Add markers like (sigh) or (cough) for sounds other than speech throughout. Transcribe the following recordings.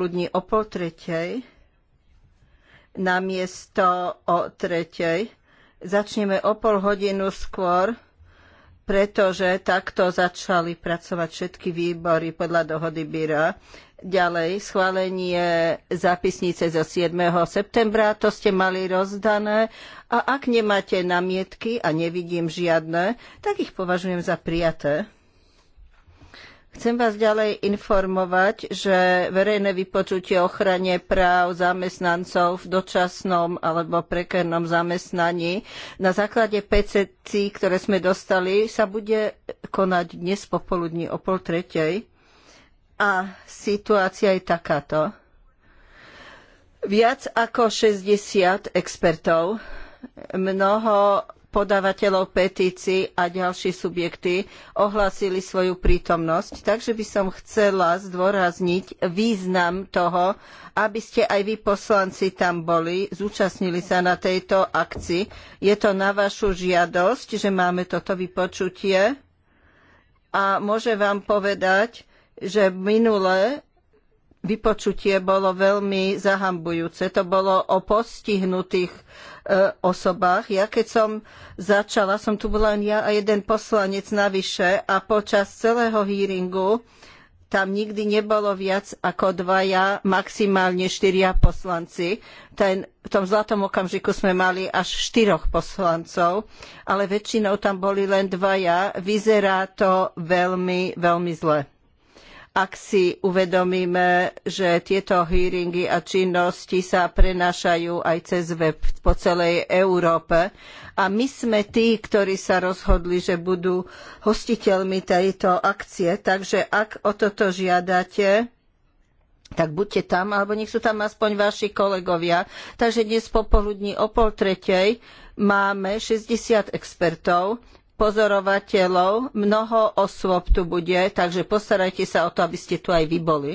popoludní o pol tretej namiesto o tretej. Začneme o pol hodinu skôr, pretože takto začali pracovať všetky výbory podľa dohody Byra. Ďalej, schválenie zápisnice zo 7. septembra, to ste mali rozdané a ak nemáte namietky a nevidím žiadne, tak ich považujem za prijaté. Chcem vás ďalej informovať, že verejné vypočutie o ochrane práv zamestnancov v dočasnom alebo prekernom zamestnaní na základe PCC, ktoré sme dostali, sa bude konať dnes popoludní o pol tretej. A situácia je takáto. Viac ako 60 expertov, mnoho podávateľov petícií a ďalší subjekty ohlásili svoju prítomnosť. Takže by som chcela zdôrazniť význam toho, aby ste aj vy poslanci tam boli, zúčastnili sa na tejto akcii. Je to na vašu žiadosť, že máme toto vypočutie a môžem vám povedať, že minulé vypočutie bolo veľmi zahambujúce. To bolo o postihnutých E, osobách. Ja keď som začala, som tu bola len ja a jeden poslanec navyše a počas celého hearingu tam nikdy nebolo viac ako dvaja, maximálne štyria poslanci. Ten, v tom zlatom okamžiku sme mali až štyroch poslancov, ale väčšinou tam boli len dvaja. Vyzerá to veľmi, veľmi zle ak si uvedomíme, že tieto hearingy a činnosti sa prenášajú aj cez web po celej Európe. A my sme tí, ktorí sa rozhodli, že budú hostiteľmi tejto akcie. Takže ak o toto žiadate, tak buďte tam, alebo nech sú tam aspoň vaši kolegovia. Takže dnes popoludní o pol tretej máme 60 expertov, pozorovateľov. Mnoho osôb tu bude, takže postarajte sa o to, aby ste tu aj vy boli.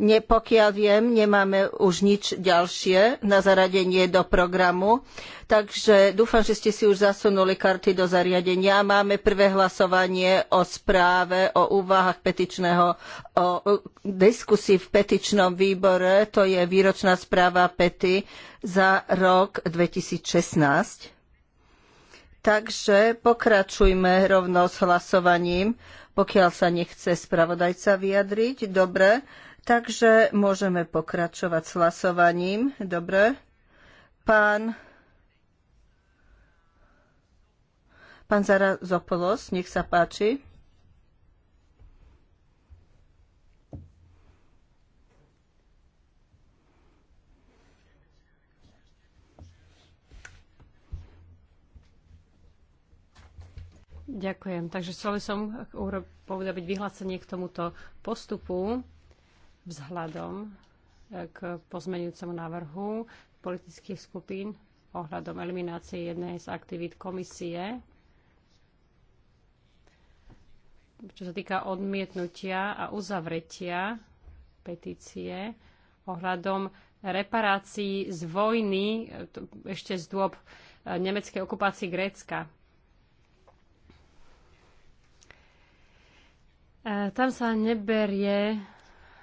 Ne, pokiaľ viem, nemáme už nič ďalšie na zaradenie do programu, takže dúfam, že ste si už zasunuli karty do zariadenia. Máme prvé hlasovanie o správe, o úvahách petičného, o, diskusii v petičnom výbore, to je výročná správa pety za rok 2016. Takže pokračujme rovno s hlasovaním, pokiaľ sa nechce spravodajca vyjadriť. Dobre. Takže môžeme pokračovať s hlasovaním. Dobre. Pán, pán Zara Zopolos, nech sa páči. Ďakujem. Takže chcel som povedať vyhlásenie k tomuto postupu vzhľadom e, k pozmenujúcemu návrhu politických skupín ohľadom eliminácie jednej z aktivít komisie. Čo sa týka odmietnutia a uzavretia petície ohľadom reparácií z vojny, e, ešte z dôb e, nemeckej okupácii Grécka. Tam sa neberie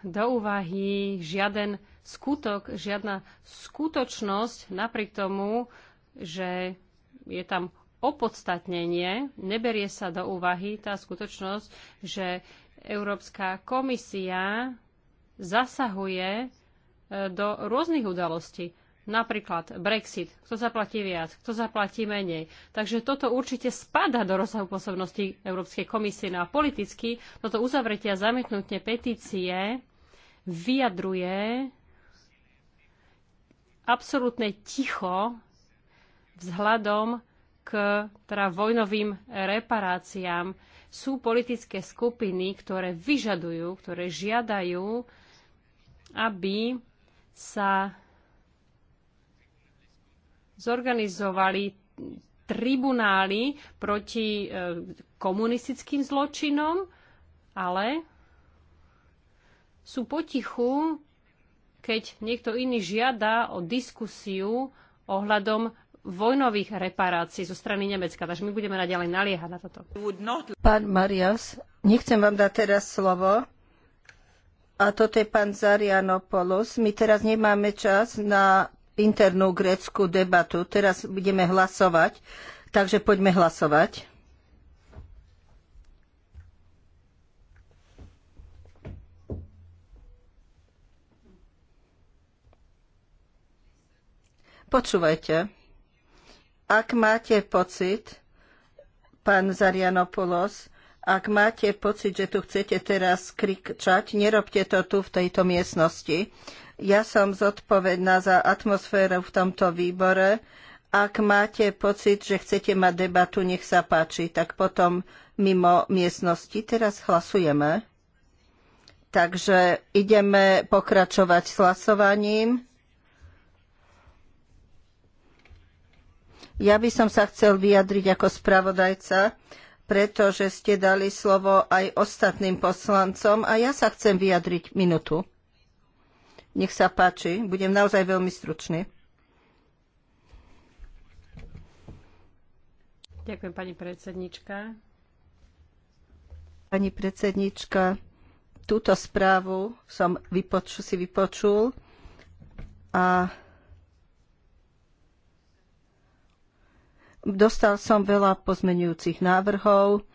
do úvahy žiaden skutok, žiadna skutočnosť napriek tomu, že je tam opodstatnenie, neberie sa do úvahy tá skutočnosť, že Európska komisia zasahuje e, do rôznych udalostí. Napríklad Brexit. Kto zaplatí viac, kto zaplatí menej. Takže toto určite spada do rozsahu pôsobnosti Európskej komisie. No a politicky toto uzavretie a zamietnutie petície vyjadruje absolútne ticho vzhľadom k teda vojnovým reparáciám. Sú politické skupiny, ktoré vyžadujú, ktoré žiadajú, aby sa zorganizovali tribunály proti e, komunistickým zločinom, ale sú potichu, keď niekto iný žiada o diskusiu ohľadom vojnových reparácií zo strany Nemecka. Takže my budeme naďalej naliehať na toto. Pán Marias, nechcem vám dať teraz slovo. A toto je pán Zarianopoulos. My teraz nemáme čas na internú grécku debatu. Teraz budeme hlasovať. Takže poďme hlasovať. Počúvajte, ak máte pocit, pán Zarianopoulos, ak máte pocit, že tu chcete teraz kričať, nerobte to tu v tejto miestnosti. Ja som zodpovedná za atmosféru v tomto výbore. Ak máte pocit, že chcete mať debatu, nech sa páči, tak potom mimo miestnosti. Teraz hlasujeme. Takže ideme pokračovať s hlasovaním. Ja by som sa chcel vyjadriť ako spravodajca, pretože ste dali slovo aj ostatným poslancom a ja sa chcem vyjadriť minútu. Nech sa páči, budem naozaj veľmi stručný. Ďakujem, pani predsednička. Pani predsednička, túto správu som vypoču, si vypočul a Dostal som veľa pozmenujúcich návrhov,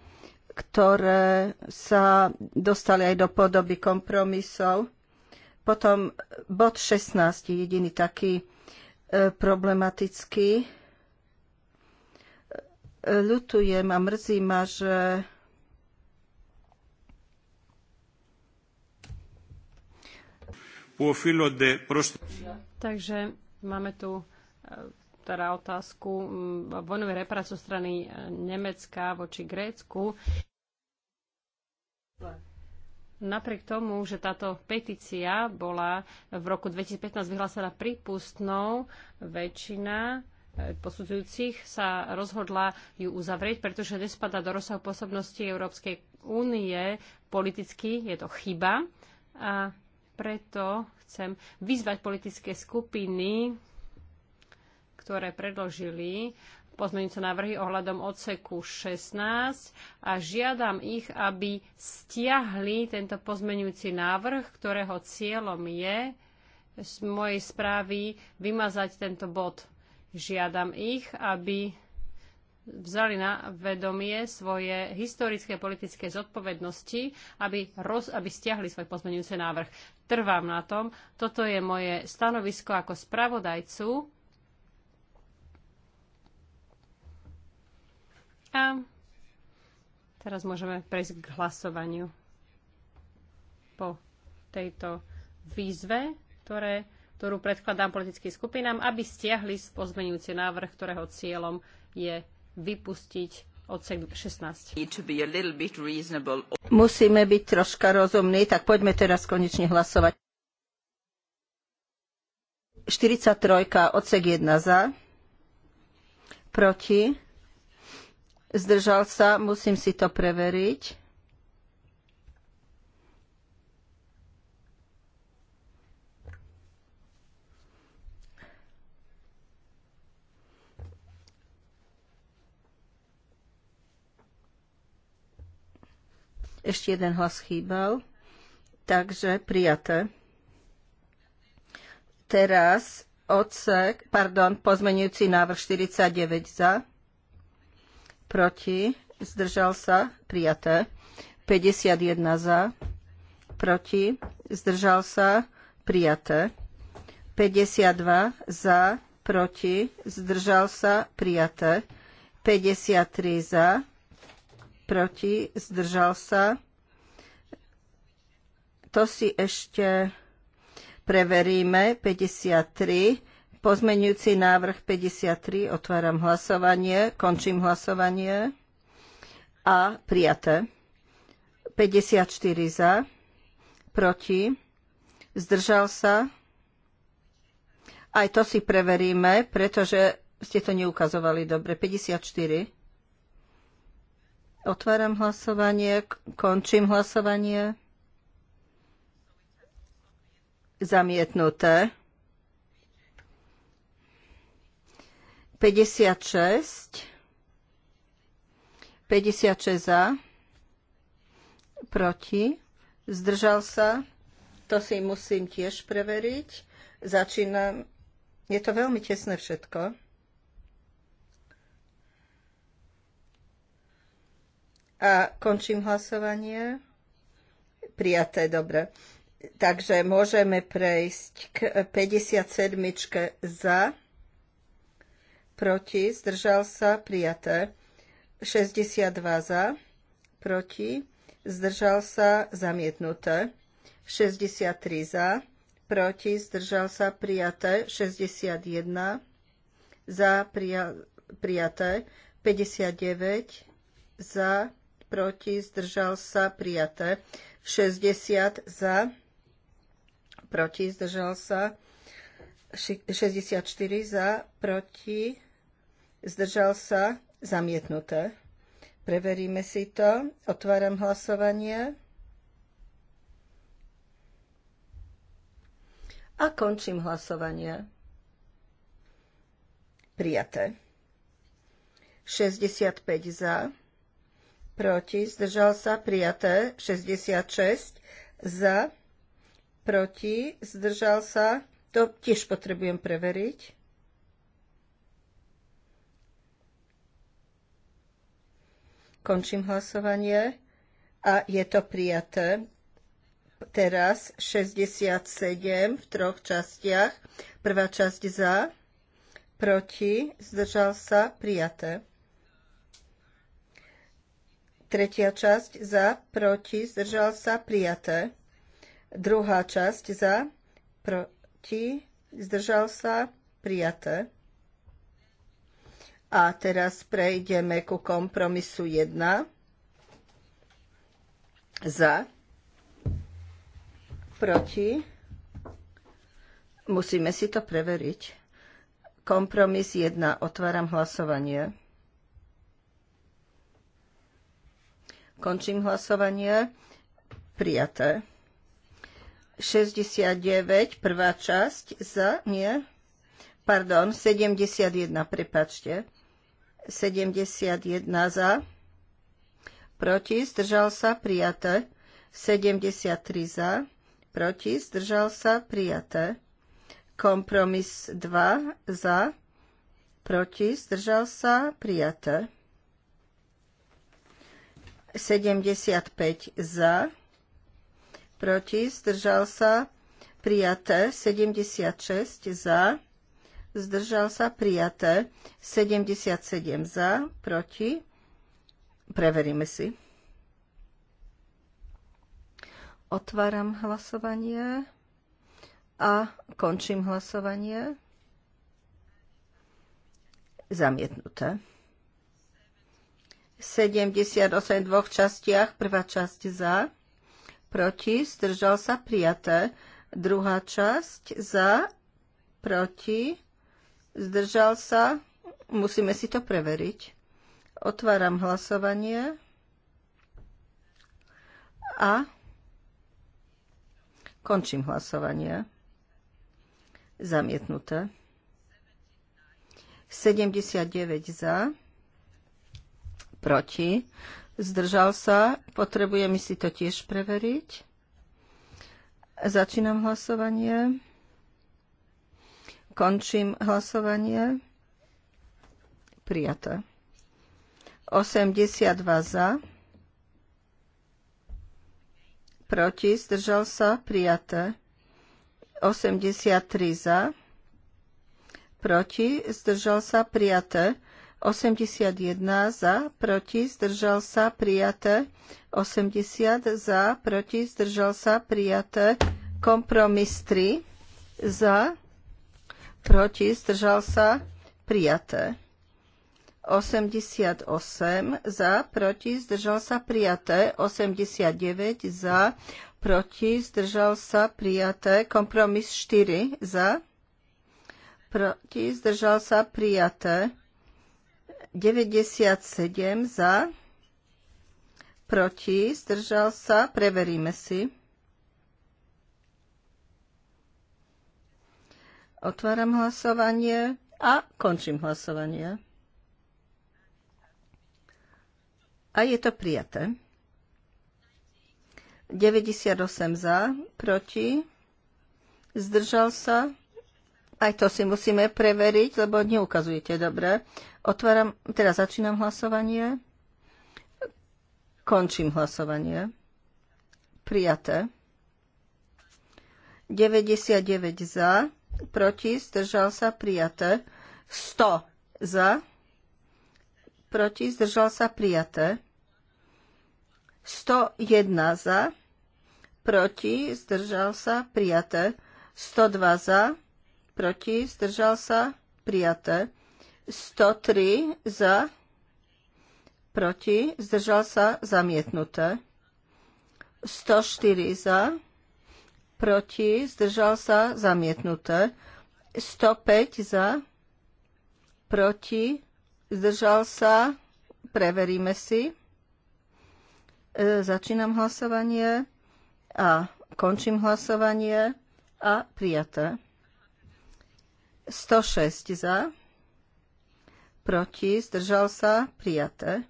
ktoré sa dostali aj do podoby kompromisov. Potom bod 16 je jediný taký e, problematický. E, ľutujem a mrzí ma, že Takže máme tu teda otázku mm, vojnové reparácie strany e, Nemecka voči Grécku. Napriek tomu, že táto petícia bola v roku 2015 vyhlásená prípustnou, väčšina e, posudzujúcich sa rozhodla ju uzavrieť, pretože nespadá do rozsahu pôsobnosti Európskej únie. Politicky je to chyba a preto chcem vyzvať politické skupiny, ktoré predložili pozmeňujúce návrhy ohľadom odseku 16 a žiadam ich, aby stiahli tento pozmeňujúci návrh, ktorého cieľom je z mojej správy vymazať tento bod. Žiadam ich, aby vzali na vedomie svoje historické politické zodpovednosti, aby, roz, aby stiahli svoj pozmeňujúci návrh. Trvám na tom. Toto je moje stanovisko ako spravodajcu A teraz môžeme prejsť k hlasovaniu po tejto výzve, ktoré, ktorú predkladám politickým skupinám, aby stiahli pozmenujúci návrh, ktorého cieľom je vypustiť odsek 16. Musíme byť troška rozumní, tak poďme teraz konečne hlasovať. 43, odsek 1 za, proti, Zdržal sa, musím si to preveriť. Ešte jeden hlas chýbal. Takže prijaté. Teraz odsek, pardon, pozmenujúci návrh 49 za proti, zdržal sa, prijaté. 51 za, proti, zdržal sa, prijaté. 52 za, proti, zdržal sa, prijaté. 53 za, proti, zdržal sa. To si ešte preveríme. 53 Pozmenujúci návrh 53, otváram hlasovanie, končím hlasovanie a prijaté. 54 za, proti, zdržal sa. Aj to si preveríme, pretože ste to neukazovali dobre. 54. Otváram hlasovanie, končím hlasovanie. Zamietnuté. 56. 56 za. Proti. Zdržal sa. To si musím tiež preveriť. Začínam. Je to veľmi tesné všetko. A končím hlasovanie. Prijaté, dobre. Takže môžeme prejsť k 57. za proti, zdržal sa, prijaté. 62 za, proti, zdržal sa, zamietnuté. 63 za, proti, zdržal sa, prijaté. 61 za, prija, prijaté. 59 za, proti, zdržal sa, prijaté. 60 za, proti, zdržal sa, 64 za, proti, zdržal sa, zamietnuté. Preveríme si to. Otváram hlasovanie. A končím hlasovanie. Prijaté. 65 za, proti, zdržal sa, prijaté. 66 za, proti, zdržal sa. To tiež potrebujem preveriť. Končím hlasovanie a je to prijaté. Teraz 67 v troch častiach. Prvá časť za, proti, zdržal sa, prijaté. Tretia časť za, proti, zdržal sa, prijaté. Druhá časť za, proti, zdržal sa, prijaté. A teraz prejdeme ku kompromisu 1. Za. Proti. Musíme si to preveriť. Kompromis 1. Otváram hlasovanie. Končím hlasovanie. Prijaté. 69, prvá časť, za, nie, pardon, 71, prepačte. 71 za, proti, zdržal sa, prijaté. 73 za, proti, zdržal sa, prijaté. Kompromis 2 za, proti, zdržal sa, prijaté. 75 za, proti, zdržal sa, prijaté. 76 za, zdržal sa, prijaté. 77 za, proti. Preveríme si. Otváram hlasovanie a končím hlasovanie. Zamietnuté. 78 v dvoch častiach. Prvá časť za, proti, zdržal sa prijaté. Druhá časť za, proti, Zdržal sa? Musíme si to preveriť. Otváram hlasovanie. A končím hlasovanie. Zamietnuté. 79 za, proti, zdržal sa, potrebujeme si to tiež preveriť. Začínam hlasovanie. Končím hlasovanie. Prijaté. 82 za. Proti. Zdržal sa. Prijaté. 83 za. Proti. Zdržal sa. Prijaté. 81 za, proti, zdržal sa, prijaté. 80 za, proti, zdržal sa, prijaté. Kompromis 3 za, proti, zdržal sa, prijaté. 88 za, proti, zdržal sa, prijaté. 89 za, proti, zdržal sa, prijaté. Kompromis 4 za, proti, zdržal sa, prijaté. 97 za, proti, zdržal sa, preveríme si. Otváram hlasovanie a končím hlasovanie. A je to prijaté. 98 za, proti, zdržal sa. Aj to si musíme preveriť, lebo neukazujete dobre. Otváram, teda začínam hlasovanie. Končím hlasovanie. Prijaté. 99 za, proti, zdržal sa, prijaté. 100 za, proti, zdržal sa, prijaté. 101 za, proti, zdržal sa, prijaté. 102 za, proti, zdržal sa, prijaté. 103 za, proti, zdržal sa, zamietnuté. 104 za, proti, zdržal sa, zamietnuté. 105 za, proti, zdržal sa, preveríme si. E, začínam hlasovanie a končím hlasovanie a prijaté. 106 za, proti, zdržal sa, prijaté.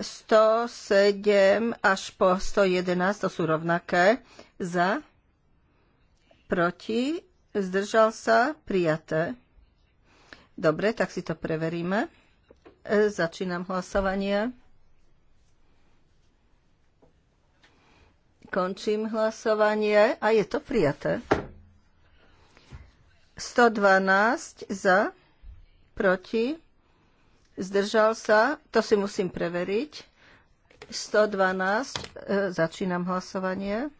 107 až po 111, to sú rovnaké. Za, proti, zdržal sa, prijaté. Dobre, tak si to preveríme. E, začínam hlasovanie. Končím hlasovanie a je to prijaté. 112 za, proti, Zdržal sa? To si musím preveriť. 112. E, začínam hlasovanie.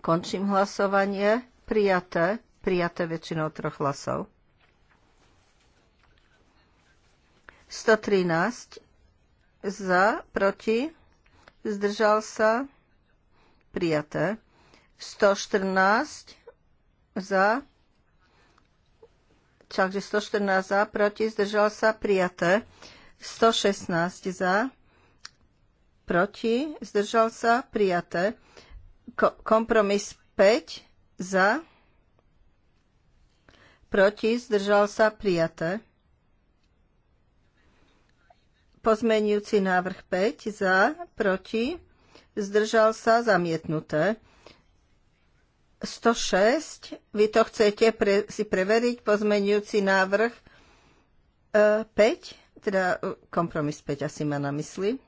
Končím hlasovanie. Prijaté. Prijaté väčšinou troch hlasov. 113 za, proti, zdržal sa, prijaté. 114 za, takže 114 za, proti, zdržal sa, prijaté. 116 za, proti, zdržal sa, prijaté. Ko- kompromis 5 za, proti, zdržal sa, prijaté. Pozmenujúci návrh 5 za, proti, zdržal sa, zamietnuté. 106, vy to chcete pre, si preveriť, pozmenujúci návrh e, 5, teda e, kompromis 5 asi má na mysli.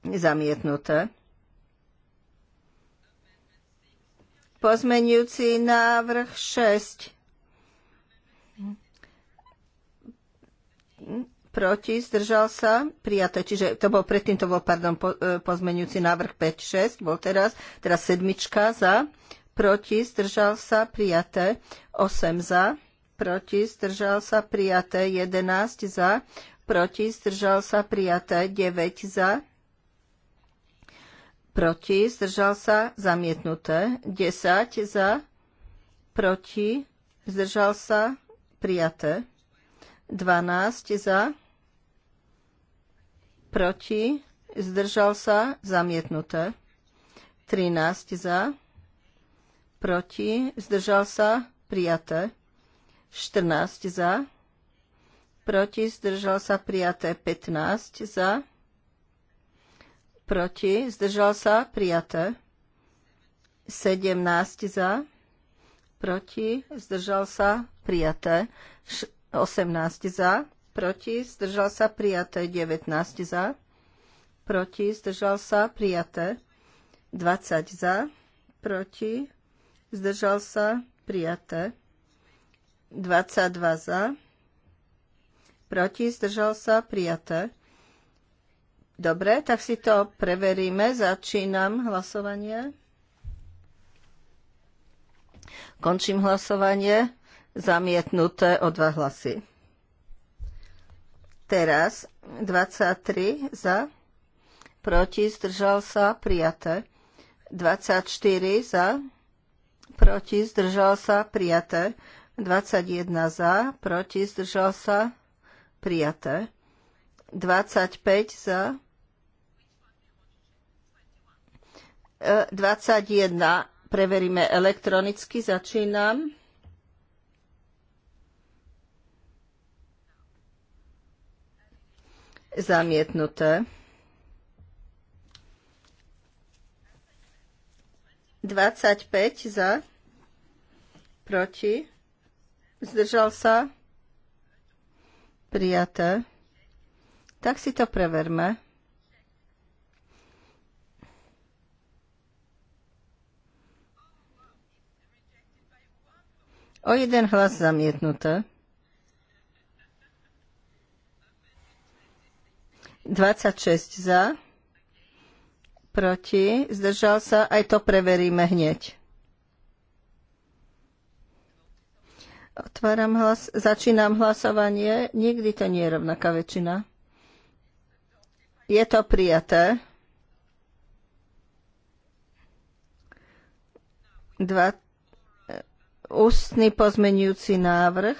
Zamietnuté. Pozmenujúci návrh 6. proti, zdržal sa, prijaté. Čiže to bol predtým, to bol, pardon, po, e, pozmenujúci návrh 5, 6, bol teraz, teraz sedmička za, proti, zdržal sa, prijaté, 8 za, proti, zdržal sa, prijaté, 11 za, proti, zdržal sa, prijaté, 9 za, proti, zdržal sa, zamietnuté, 10 za, proti, zdržal sa, prijaté. 12 za, proti, zdržal sa, zamietnuté. 13 za, proti, zdržal sa, prijaté. 14 za, proti, zdržal sa, prijaté. 15 za, proti, zdržal sa, prijaté. 17 za, proti, zdržal sa, prijaté. 18 za, proti, zdržal sa prijaté 19 za, proti, zdržal sa prijaté 20 za, proti, zdržal sa prijaté 22 za, proti, zdržal sa prijaté. Dobre, tak si to preveríme. Začínam hlasovanie. Končím hlasovanie. Zamietnuté o dva hlasy. Teraz 23 za, proti, zdržal sa, prijaté. 24 za, proti, zdržal sa, prijaté. 21 za, proti, zdržal sa, prijaté. 25 za, 21, e, preveríme elektronicky, začínam. zamietnuté. päť za, proti, zdržal sa, prijaté. Tak si to preverme. O jeden hlas zamietnuté. 26 za, proti, zdržal sa, aj to preveríme hneď. Otváram hlas, začínam hlasovanie. Nikdy to nie je rovnaká väčšina. Je to prijaté. 2. Ústny pozmenujúci návrh.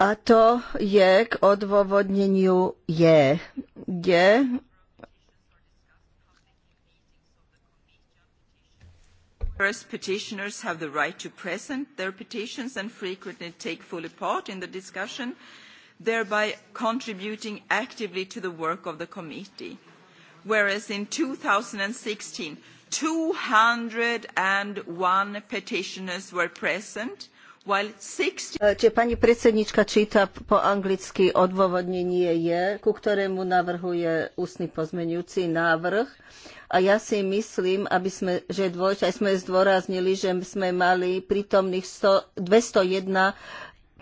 A to je k odôvodneniu je, kde First, petitioners have the right to present their petitions and frequently take fully part in the discussion, thereby contributing actively to the work of the committee. Whereas in 2016, 201 petitioners were present, Čiže pani predsednička číta po anglicky odôvodnenie je, ku ktorému navrhuje ústny pozmeňujúci návrh. A ja si myslím, aby sme, že dvojč, aj sme zdôraznili, že sme mali prítomných 100, 201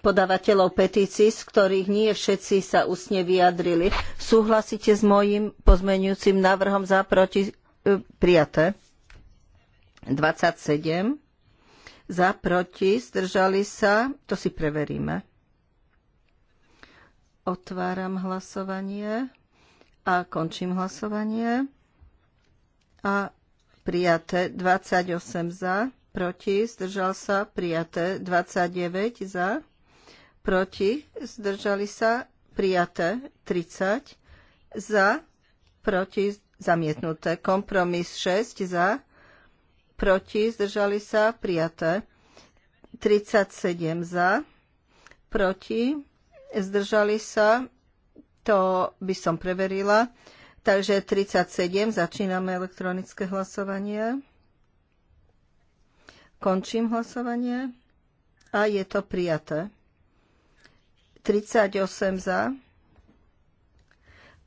podávateľov petícií, z ktorých nie všetci sa ústne vyjadrili. Súhlasíte s môjim pozmeňujúcim návrhom za proti e, prijaté? 27 za, proti, zdržali sa, to si preveríme. Otváram hlasovanie a končím hlasovanie. A prijaté 28 za, proti, zdržal sa, prijaté 29 za, proti, zdržali sa, prijaté 30 za, proti, zamietnuté. Kompromis 6 za, proti, zdržali sa, prijaté. 37 za, proti, zdržali sa, to by som preverila. Takže 37, začíname elektronické hlasovanie. Končím hlasovanie a je to prijaté. 38 za,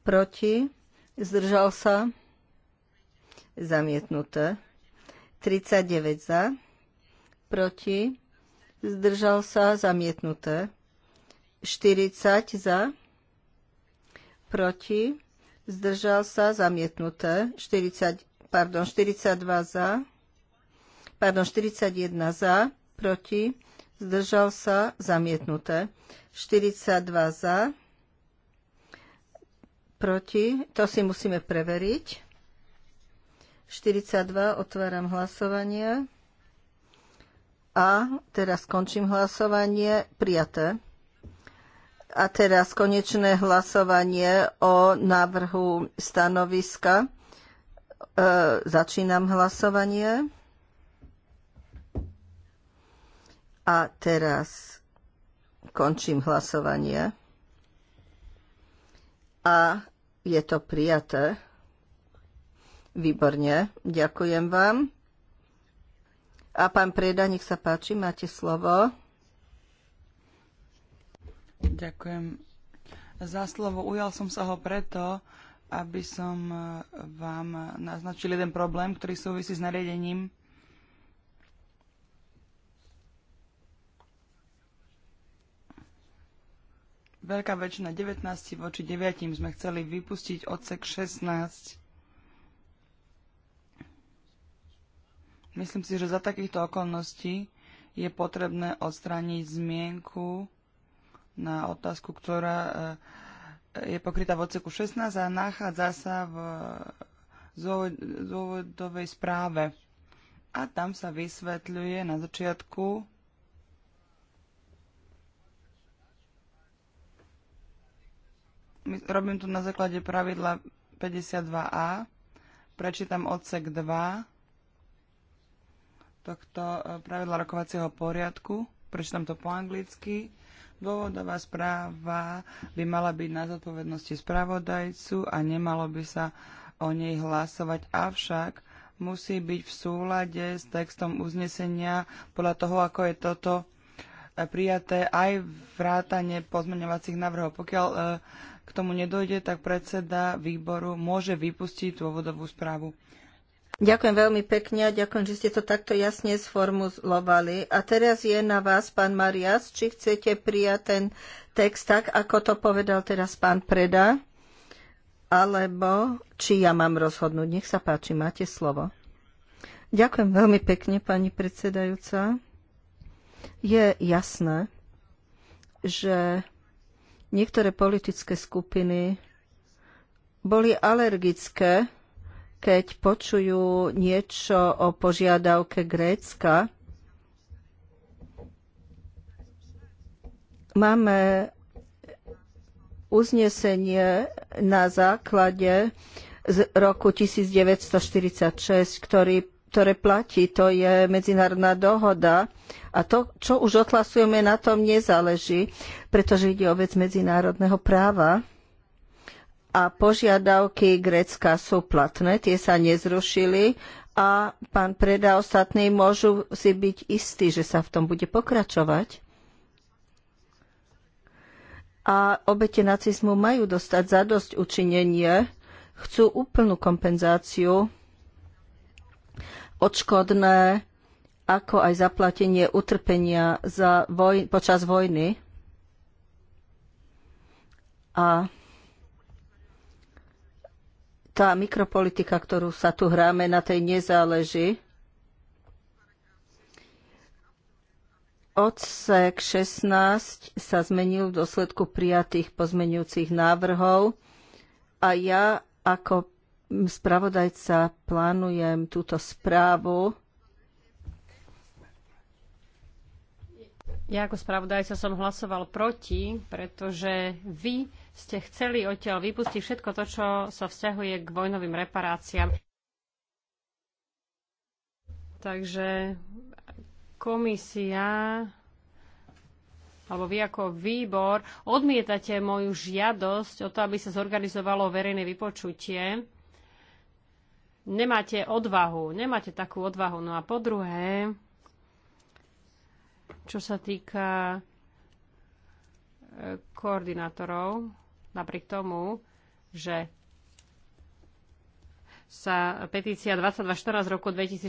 proti, zdržal sa, zamietnuté. 39 za, proti, zdržal sa, zamietnuté. 40 za, proti, zdržal sa, zamietnuté. 40, pardon, 42 za, pardon, 41 za, proti, zdržal sa, zamietnuté. 42 za, proti, to si musíme preveriť. 42 otváram hlasovanie. A teraz končím hlasovanie. Prijaté. A teraz konečné hlasovanie o návrhu stanoviska. E, začínam hlasovanie. A teraz končím hlasovanie. A je to prijaté. Výborne, ďakujem vám. A pán Preda, nech sa páči, máte slovo. Ďakujem za slovo. Ujal som sa ho preto, aby som e, vám naznačil jeden problém, ktorý súvisí s nariadením veľká väčšina 19 voči 9 sme chceli vypustiť odsek 16 Myslím si, že za takýchto okolností je potrebné odstrániť zmienku na otázku, ktorá eh, je pokrytá v odseku 16 a nachádza sa v eh, dôvodovej správe. A tam sa vysvetľuje na začiatku, robím to na základe pravidla 52a, prečítam odsek 2, tohto e, pravidla rokovacieho poriadku. Prečítam to po anglicky. Dôvodová správa by mala byť na zodpovednosti spravodajcu a nemalo by sa o nej hlasovať, avšak musí byť v súlade s textom uznesenia podľa toho, ako je toto e, prijaté aj vrátanie pozmeňovacích návrhov. Pokiaľ e, k tomu nedojde, tak predseda výboru môže vypustiť dôvodovú správu. Ďakujem veľmi pekne a ďakujem, že ste to takto jasne sformulovali. A teraz je na vás, pán Marias, či chcete prijať ten text tak, ako to povedal teraz pán Preda, alebo či ja mám rozhodnúť. Nech sa páči, máte slovo. Ďakujem veľmi pekne, pani predsedajúca. Je jasné, že niektoré politické skupiny boli alergické keď počujú niečo o požiadavke Grécka. Máme uznesenie na základe z roku 1946, ktorý, ktoré platí, to je medzinárodná dohoda a to, čo už odhlasujeme, na tom nezáleží, pretože ide o vec medzinárodného práva a požiadavky Grécka sú platné, tie sa nezrušili a pán Preda ostatní môžu si byť istí, že sa v tom bude pokračovať. A obete nacizmu majú dostať za dosť učinenie, chcú úplnú kompenzáciu, odškodné, ako aj zaplatenie utrpenia za voj- počas vojny. A tá mikropolitika, ktorú sa tu hráme, na tej nezáleží. Odsek 16 sa zmenil v dôsledku prijatých pozmenujúcich návrhov a ja ako spravodajca plánujem túto správu. Ja ako spravodajca som hlasoval proti, pretože vy ste chceli odtiaľ vypustiť všetko to, čo sa vzťahuje k vojnovým reparáciám. Takže komisia alebo vy ako výbor odmietate moju žiadosť o to, aby sa zorganizovalo verejné vypočutie. Nemáte odvahu, nemáte takú odvahu. No a po druhé, čo sa týka e, koordinátorov, napriek tomu, že sa petícia 2214 z roku 2014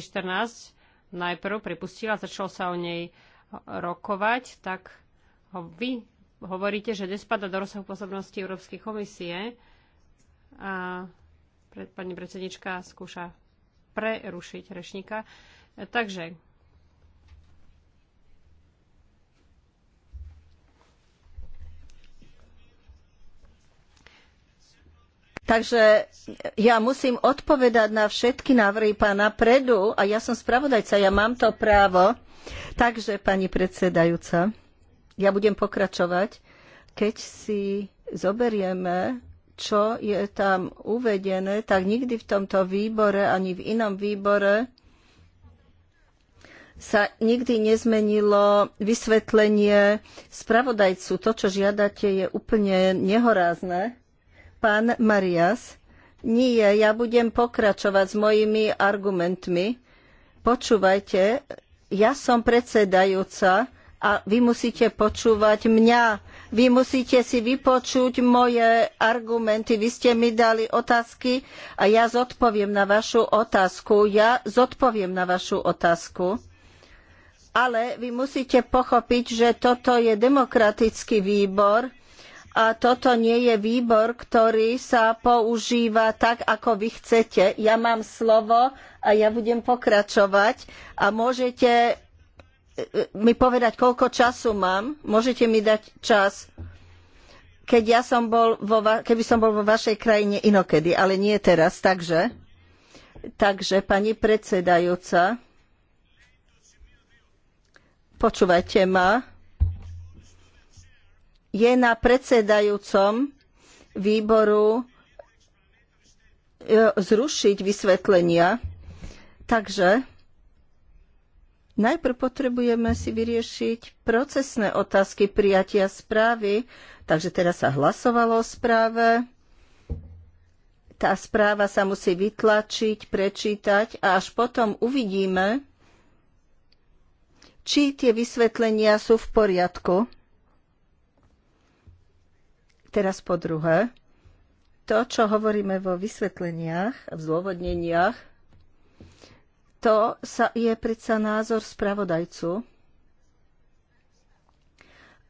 najprv pripustila, začalo sa o nej rokovať, tak ho vy hovoríte, že nespada do rozsahu pôsobnosti Európskej komisie a pani predsednička skúša prerušiť rečníka. Takže Takže ja musím odpovedať na všetky návrhy pána Predu a ja som spravodajca, ja mám to právo. Takže, pani predsedajúca, ja budem pokračovať. Keď si zoberieme, čo je tam uvedené, tak nikdy v tomto výbore ani v inom výbore sa nikdy nezmenilo vysvetlenie spravodajcu. To, čo žiadate, je úplne nehorázne. Pán Marias, nie, ja budem pokračovať s mojimi argumentmi. Počúvajte, ja som predsedajúca a vy musíte počúvať mňa. Vy musíte si vypočuť moje argumenty. Vy ste mi dali otázky a ja zodpoviem na vašu otázku. Ja zodpoviem na vašu otázku. Ale vy musíte pochopiť, že toto je demokratický výbor, a toto nie je výbor, ktorý sa používa tak, ako vy chcete. Ja mám slovo a ja budem pokračovať a môžete e, e, mi povedať, koľko času mám. Môžete mi dať čas, keď ja som bol vo, keby som bol vo vašej krajine inokedy, ale nie teraz. Takže, takže pani predsedajúca, počúvajte ma je na predsedajúcom výboru e, zrušiť vysvetlenia. Takže najprv potrebujeme si vyriešiť procesné otázky prijatia správy. Takže teraz sa hlasovalo o správe. Tá správa sa musí vytlačiť, prečítať a až potom uvidíme, či tie vysvetlenia sú v poriadku. Teraz po druhé, to, čo hovoríme vo vysvetleniach, v zôvodneniach, to sa, je predsa názor spravodajcu.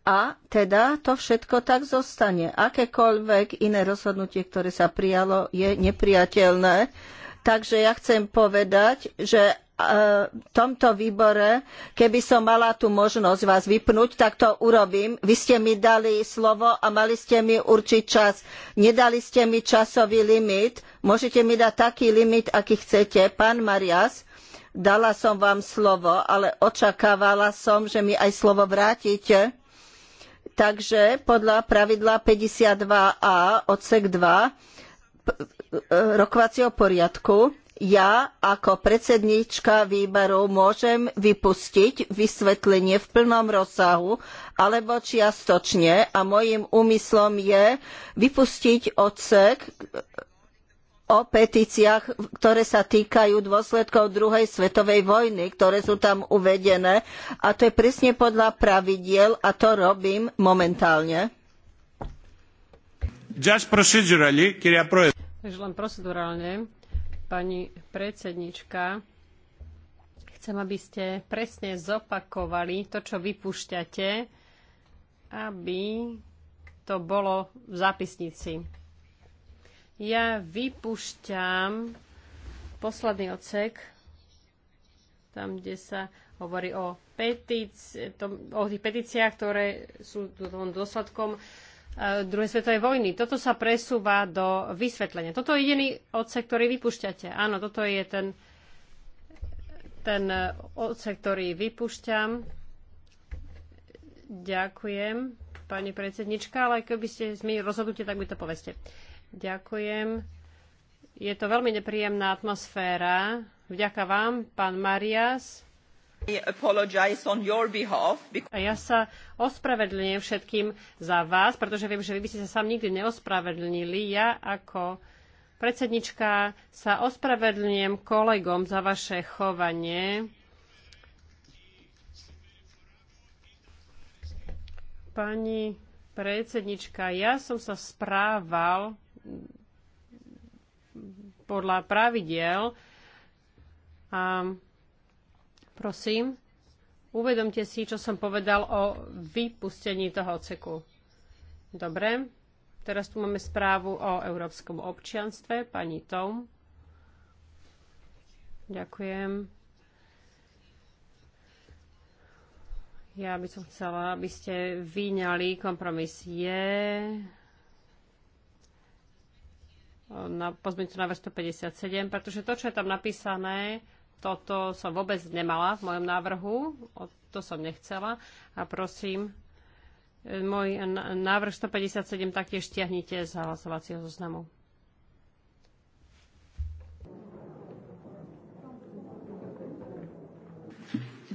A teda to všetko tak zostane. Akékoľvek iné rozhodnutie, ktoré sa prijalo, je nepriateľné. Takže ja chcem povedať, že E, tomto výbore, keby som mala tú možnosť vás vypnúť, tak to urobím. Vy ste mi dali slovo a mali ste mi určiť čas. Nedali ste mi časový limit. Môžete mi dať taký limit, aký chcete. Pán Marias, dala som vám slovo, ale očakávala som, že mi aj slovo vrátite. Takže podľa pravidla 52a odsek 2 e, rokovacieho poriadku ja ako predsedníčka výboru môžem vypustiť vysvetlenie v plnom rozsahu alebo čiastočne a mojím úmyslom je vypustiť odsek o petíciách, ktoré sa týkajú dôsledkov druhej svetovej vojny, ktoré sú tam uvedené. A to je presne podľa pravidiel a to robím momentálne. Just procedurally, len procedurálne, pani predsednička. Chcem, aby ste presne zopakovali to, čo vypúšťate, aby to bolo v zápisnici. Ja vypúšťam posledný odsek, tam, kde sa hovorí o, petíci, o tých petíciách, ktoré sú dôsledkom Eh, druhej svetovej vojny. Toto sa presúva do vysvetlenia. Toto je jediný odsek, ktorý vypúšťate. Áno, toto je ten, ten eh, odsek, ktorý vypúšťam. Ďakujem, pani predsednička, ale keby ste zmenili rozhodnutie, tak mi to poveste. Ďakujem. Je to veľmi nepríjemná atmosféra. Vďaka vám, pán Marias. A Ja sa ospravedlňujem všetkým za vás, pretože viem, že vy by ste sa sám nikdy neospravedlnili. Ja ako predsednička sa ospravedlňujem kolegom za vaše chovanie. Pani predsednička, ja som sa správal podľa pravidiel a Prosím, uvedomte si, čo som povedal o vypustení toho oceku. Dobre, teraz tu máme správu o európskom občianstve, pani Tom. Ďakujem. Ja by som chcela, aby ste vyňali kompromis je na pozmeňujúci návrh 157, pretože to, čo je tam napísané, toto som vôbec nemala v mojom návrhu, to som nechcela. A prosím, e, môj návrh 157 taktiež stiahnite z hlasovacieho zoznamu.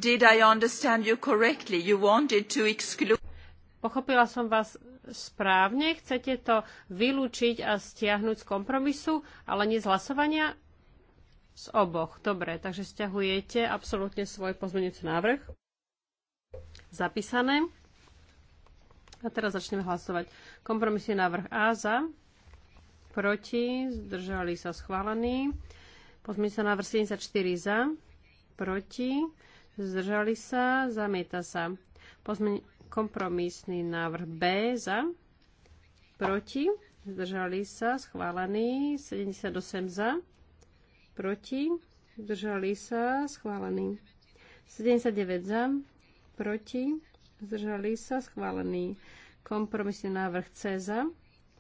Did I understand you correctly? You wanted to exclude... Pochopila som vás správne, chcete to vylúčiť a stiahnuť z kompromisu, ale nie z hlasovania? z oboch. Dobre, takže stiahujete absolútne svoj pozmeňujúci návrh. Zapísané. A teraz začneme hlasovať. Kompromisný návrh A za, proti, zdržali sa schválený. Pozmeňujúci návrh 74 za, proti, zdržali sa, zamieta sa. Pozmeň, kompromisný návrh B za, proti, zdržali sa, schválený, 78 za, proti, zdržali sa, schválený. 79 za, proti, zdržali sa, schválený. Kompromisný návrh C za,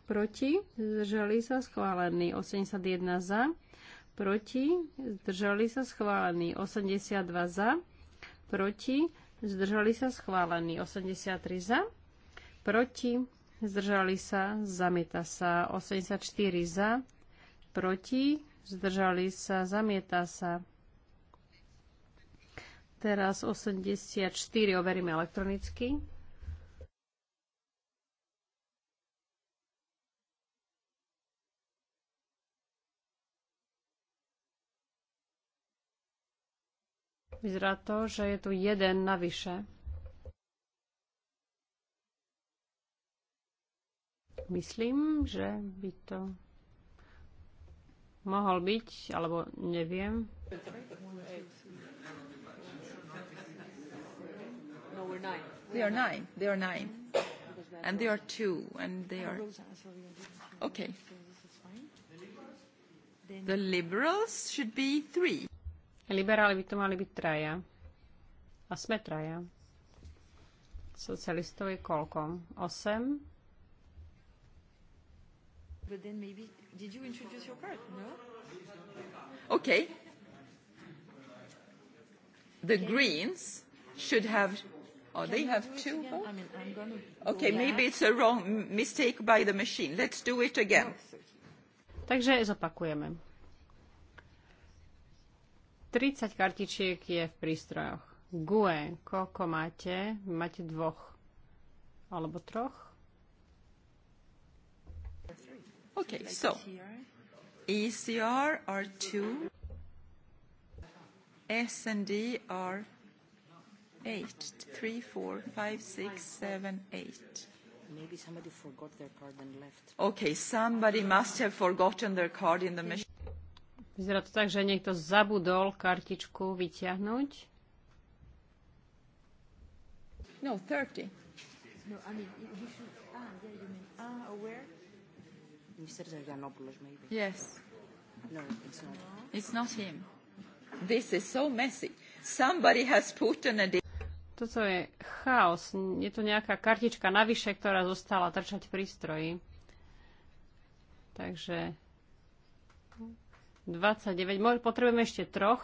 proti, zdržali sa, schválený. 81 za, proti, zdržali sa, schválený. 82 za, proti, zdržali sa, schválený. 83 za, proti, zdržali sa, zamieta sa. 84 za, proti, zdržali sa, zamieta sa. Teraz 84 overíme elektronicky. Vyzerá to, že je tu jeden navyše. Myslím, že by to mohol byť, alebo neviem. No, we're nine. They are nine. They are nine. And they are two. And they are... Okay. The liberals should be three. Liberáli by to mali byť traja. A sme traja. Socialistov je koľko? 8? But then maybe, did you introduce your card? No? Okay. The okay. Greens should have, oh, Can they have two votes? I mean, okay, maybe it's a wrong mistake by the machine. Let's do it again. No, Takže zopakujeme. 30 kartičiek je v prístrojoch. GUE, koľko máte? Máte dvoch alebo troch? Okay, so ECR are two, S&D are eight, three, four, five, six, seven, eight. Maybe somebody forgot their card and left. Okay, somebody must have forgotten their card in the machine. Vyzerá to tak, že niekto zabudol kartičku vyťahnuť. No, 30. No, I mean, you should... Ah, yeah, you mean... Ah, where? Mr. Zarianopoulos, maybe. Yes. No, it's not. It's not him. This is so messy. Somebody has put an addition. Toto je chaos. Je to nejaká kartička navyše, ktorá zostala trčať pri stroji. Takže 29. Potrebujeme ešte troch.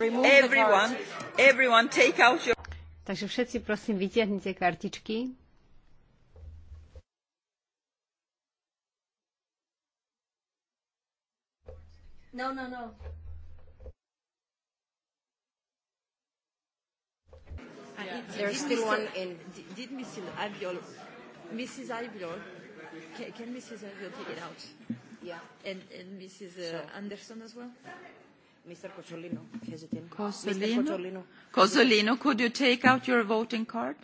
Everyone, everyone take out your... Takže všetci prosím vytiahnite kartičky. No, no, no. Ah, yeah. There's still one in. Did, did Mrs. Aviol, Mrs. Aviol, can, can Mrs. Aviol take it out? Yeah. And, and Mrs. Uh, so. Anderson as well? Mr. Cozzolino, hesitant. Cozzolino? Mr. Cozzolino. Cozzolino, could you take out your voting card?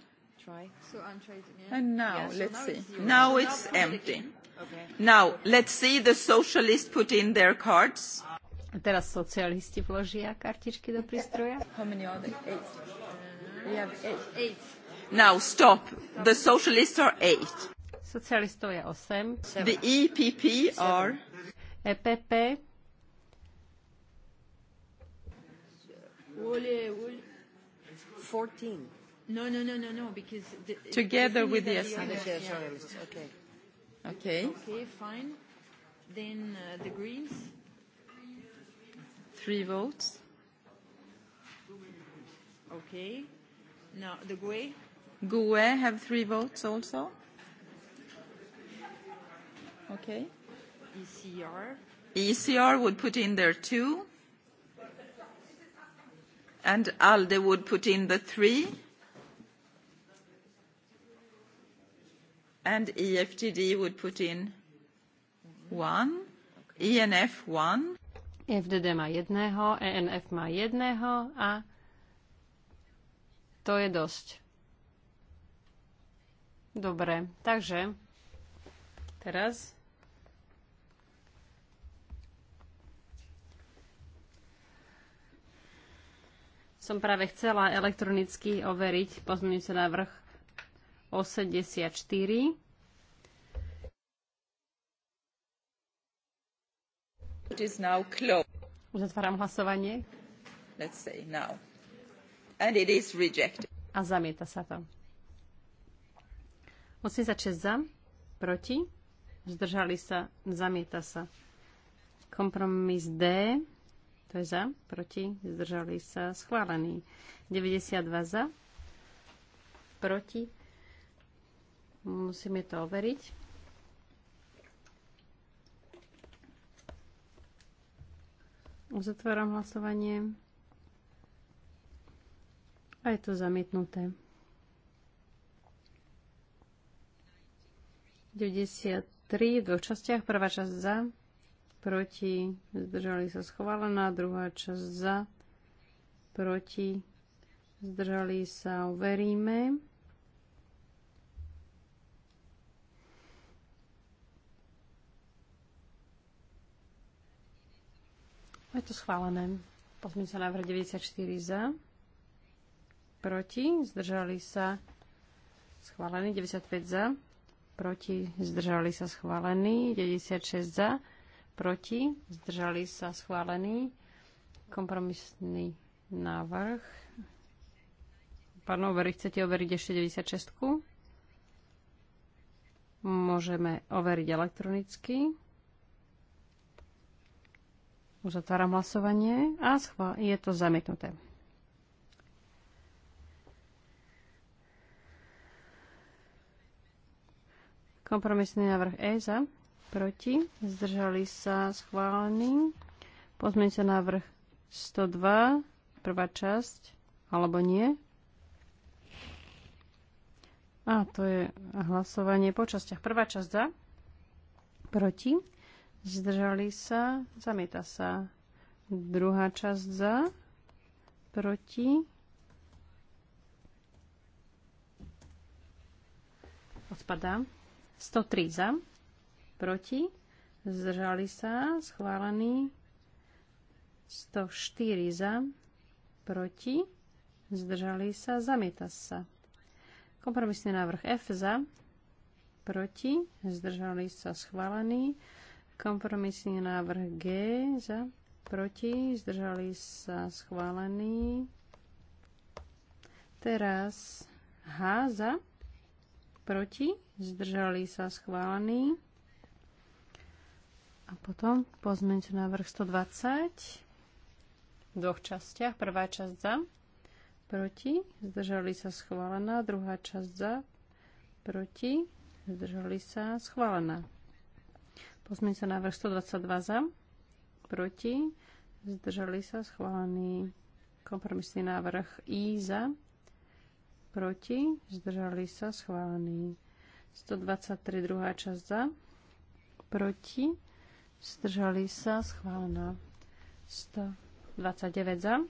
Try. So I'm trying. Yeah. And now, yeah, so let's now see. It's now, now it's empty. Again. Now, let's see the socialists put in their cards. A teraz socialisti vložia kartičky do prístroja. How many are there? Eight. Uh, we have eight. eight. Now, stop. The socialists are eight. Socialistov je osem. Seven. The EPP Seven. are... EPP. Fourteen. No, no, no, no, no, because... The, Together with the... SNS. yes, yes, Okay. Okay, fine. Then uh, the Greens. Three votes. Okay. Now the GUE. GUE have three votes also. Okay. ECR. ECR would put in their two. And ALDE would put in the three and EFTD would put in one, ENF one. E FDD má jedného, ENF má jedného a to je dosť. Dobre, takže teraz som práve chcela elektronicky overiť pozmeňujúci návrh 84. Uzatváram hlasovanie. Let's say now. And it is rejected. A zamieta sa to. 86 za, proti, zdržali sa, zamieta sa. Kompromis D, to je za, proti, zdržali sa, schválený. 92 za, proti, Musíme to overiť. Uzatváram hlasovanie. A je to zamietnuté. 93 v dvoch častiach. Prvá časť za, proti, zdržali sa schválená. Druhá časť za, proti, zdržali sa, overíme. Je to schválené. Pozmeň sa návrh 94 za. Proti. Zdržali sa. Schválený. 95 za. Proti. Zdržali sa. Schválený. 96 za. Proti. Zdržali sa. Schválený. Kompromisný návrh. Pán Overy, chcete overiť ešte 96? -ku? Môžeme overiť elektronicky. Uzatváram hlasovanie a schvál, je to zamietnuté. Kompromisný návrh E za, proti, zdržali sa schválený. Pozmeňte návrh 102, prvá časť, alebo nie. A to je hlasovanie po častiach. Prvá časť za, proti, zdržali sa, zamieta sa. Druhá časť za, proti. Odpadá. 103 za, proti. Zdržali sa, schválený. 104 za, proti. Zdržali sa, zamieta sa. Kompromisný návrh F za, proti. Zdržali sa, schválený. Kompromisný návrh G za, proti, zdržali sa schválený. Teraz H za, proti, zdržali sa schválený. A potom pozmeňte návrh 120 v dvoch častiach. Prvá časť za, proti, zdržali sa schválená, druhá časť za, proti, zdržali sa schválená. Pozmeň sa návrh 122 za, proti, zdržali sa, schválený kompromisný návrh I za, proti, zdržali sa, schválený 123 druhá časť za, proti, zdržali sa, schválená 129 za,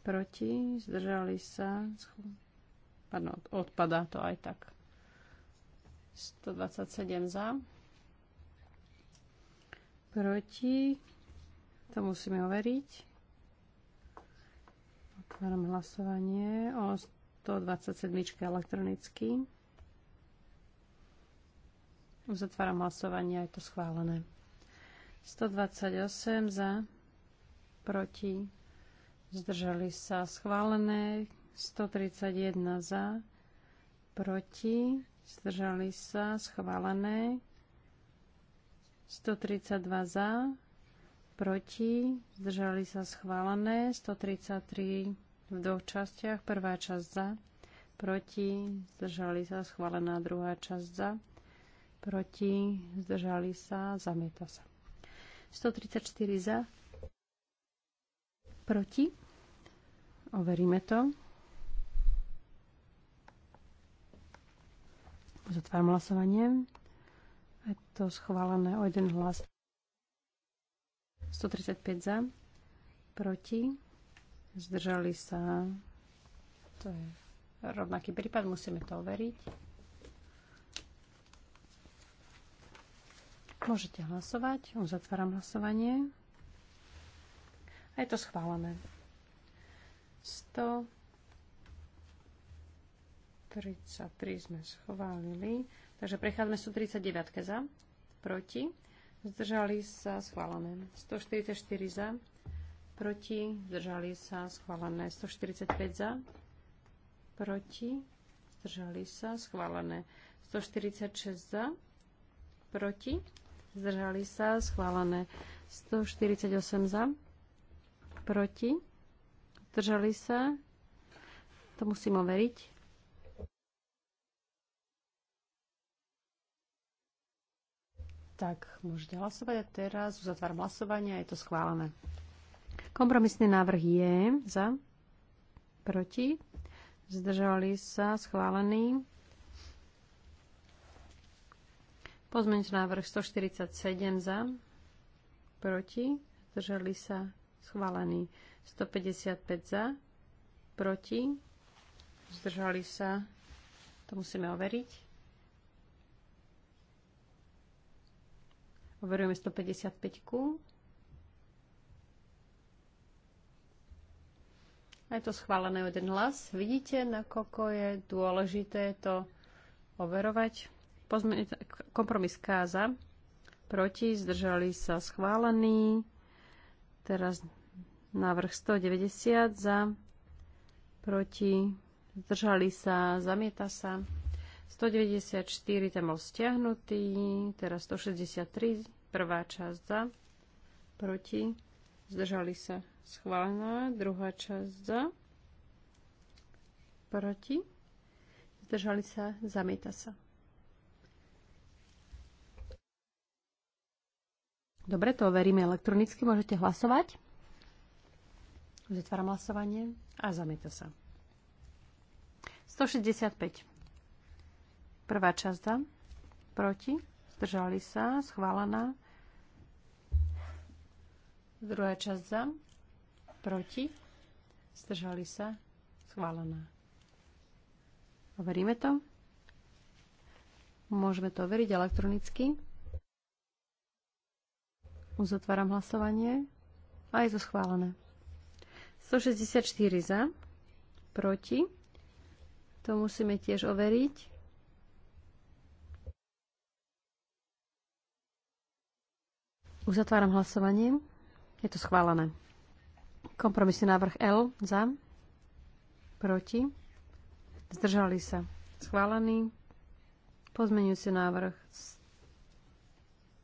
proti, zdržali sa, pardon, odpadá to aj tak. 127 za, proti. To musíme overiť. Otváram hlasovanie o 127 elektronicky. Uzatváram hlasovanie, je to schválené. 128 za, proti, zdržali sa schválené, 131 za, proti, zdržali sa schválené, 132 za, proti, zdržali sa schválené, 133 v dvoch častiach, prvá časť za, proti, zdržali sa schválená, druhá časť za, proti, zdržali sa, zamieta sa. 134 za, proti, overíme to. Zatváram hlasovanie to schválené o jeden hlas. 135 za, proti, zdržali sa. To je rovnaký prípad, musíme to overiť. Môžete hlasovať, uzatváram hlasovanie. A je to schválené. 33 sme schválili. Takže prechádzame 139 za proti, zdržali sa schválené. 144 za, proti, zdržali sa schválené. 145 za, proti, zdržali sa schválené. 146 za, proti, zdržali sa schválené. 148 za, proti, zdržali sa, to musím overiť. Tak, môžete hlasovať a teraz uzatváram hlasovanie a je to schválené. Kompromisný návrh je za, proti, zdržali sa, schválený. Pozmeňte návrh 147 za, proti, zdržali sa, schválený. 155 za, proti, zdržali sa, to musíme overiť. Overujeme 155 ku. A je to schválené jeden hlas. Vidíte, nakoľko je dôležité to overovať. Pozme- kompromis káza. Proti, zdržali sa schválený. Teraz návrh 190 za. Proti, zdržali sa, zamieta sa. 194 tam bol stiahnutý, teraz 163, prvá časť za, proti, zdržali sa schválená, druhá časť za, proti, zdržali sa, zamieta sa. Dobre, to overíme elektronicky, môžete hlasovať. Zatváram hlasovanie a zamieta sa. 165. Prvá časť za, proti, zdržali sa, schválená. Druhá časť za, proti, zdržali sa, schválená. Overíme to. Môžeme to overiť elektronicky. Uzatváram hlasovanie a je to schválené. 164 za, proti. To musíme tiež overiť. Uzatváram hlasovanie. Je to schválené. Kompromisný návrh L za. Proti. Zdržali sa. Schválený. Pozmenujúci návrh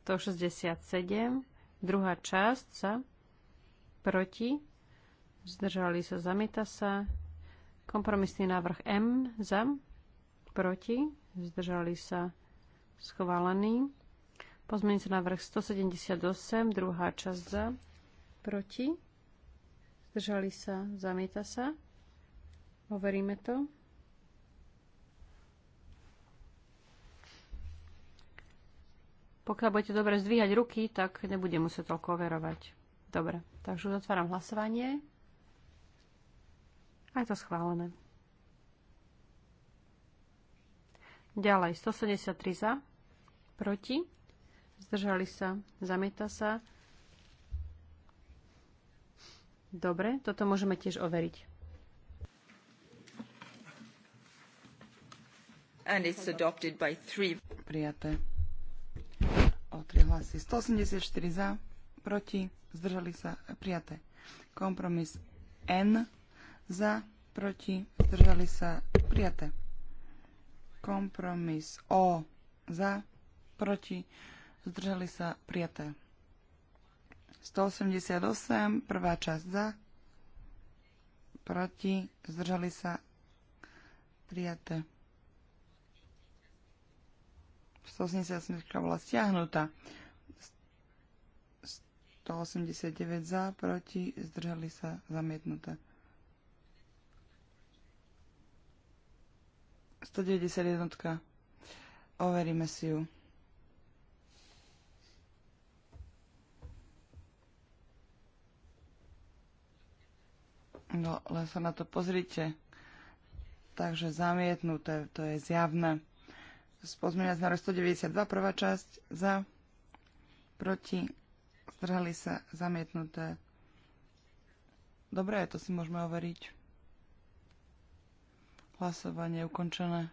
167. Druhá časť za. Proti. Zdržali sa. Zamieta sa. Kompromisný návrh M za. Proti. Zdržali sa. Schválený. Pozmeňujúci návrh 178, druhá časť za, proti. Zdržali sa, zamieta sa. Overíme to. Pokiaľ budete dobre zdvíhať ruky, tak nebudem musieť toľko overovať. Dobre, takže otváram hlasovanie. A je to schválené. Ďalej, 173 za, proti. Zdržali sa. Zamieta sa. Dobre, toto môžeme tiež overiť. And it's adopted by three. Prijaté. O tri hlasy. 184 za, proti, zdržali sa, prijaté. Kompromis N za, proti, zdržali sa, prijaté. Kompromis O za, proti, zdržali sa prijaté. 188, prvá časť za, proti, zdržali sa prijaté. 188 bola stiahnutá. 189 za, proti, zdržali sa zamietnuté. 191. Overíme si ju. No, len sa na to pozrite. Takže zamietnuté, to je zjavné. z nároveň 192, prvá časť, za, proti, zdrhali sa, zamietnuté. Dobre, to si môžeme overiť. Hlasovanie ukončené.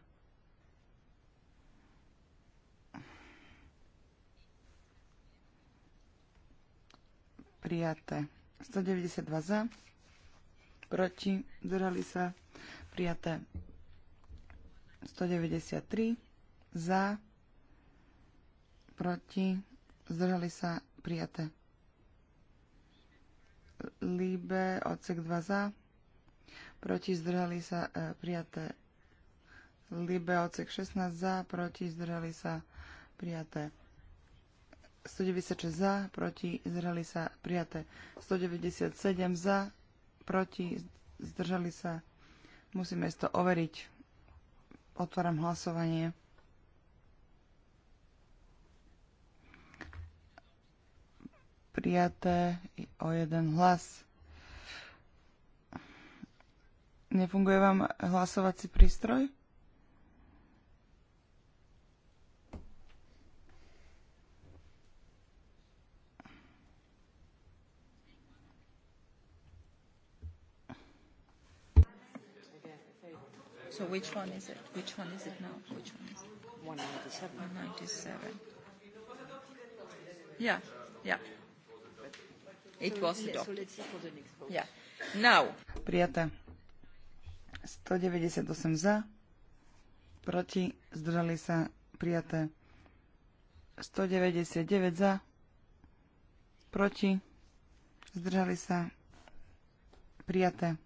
Prijaté. 192 za proti, zdržali sa, prijaté. 193 za, proti, zdržali sa, prijaté. Líbe, odsek 2 e, za, proti, zdržali sa, prijaté. Líbe odsek 16 za, proti, zdržali sa, prijaté. 196 za, proti, zdržali sa, prijaté. 197 za, proti, zdržali sa. Musíme si to overiť. Otváram hlasovanie. Prijaté o jeden hlas. Nefunguje vám hlasovací prístroj? So which one is it? Which one is it now? Which one is it? 197. 197. Yeah, yeah. It was adopted. Let's see for the next vote. Yeah. Now. Prijaté. 198 za, proti, zdržali sa, prijaté. 199 za, proti, zdržali sa, prijaté.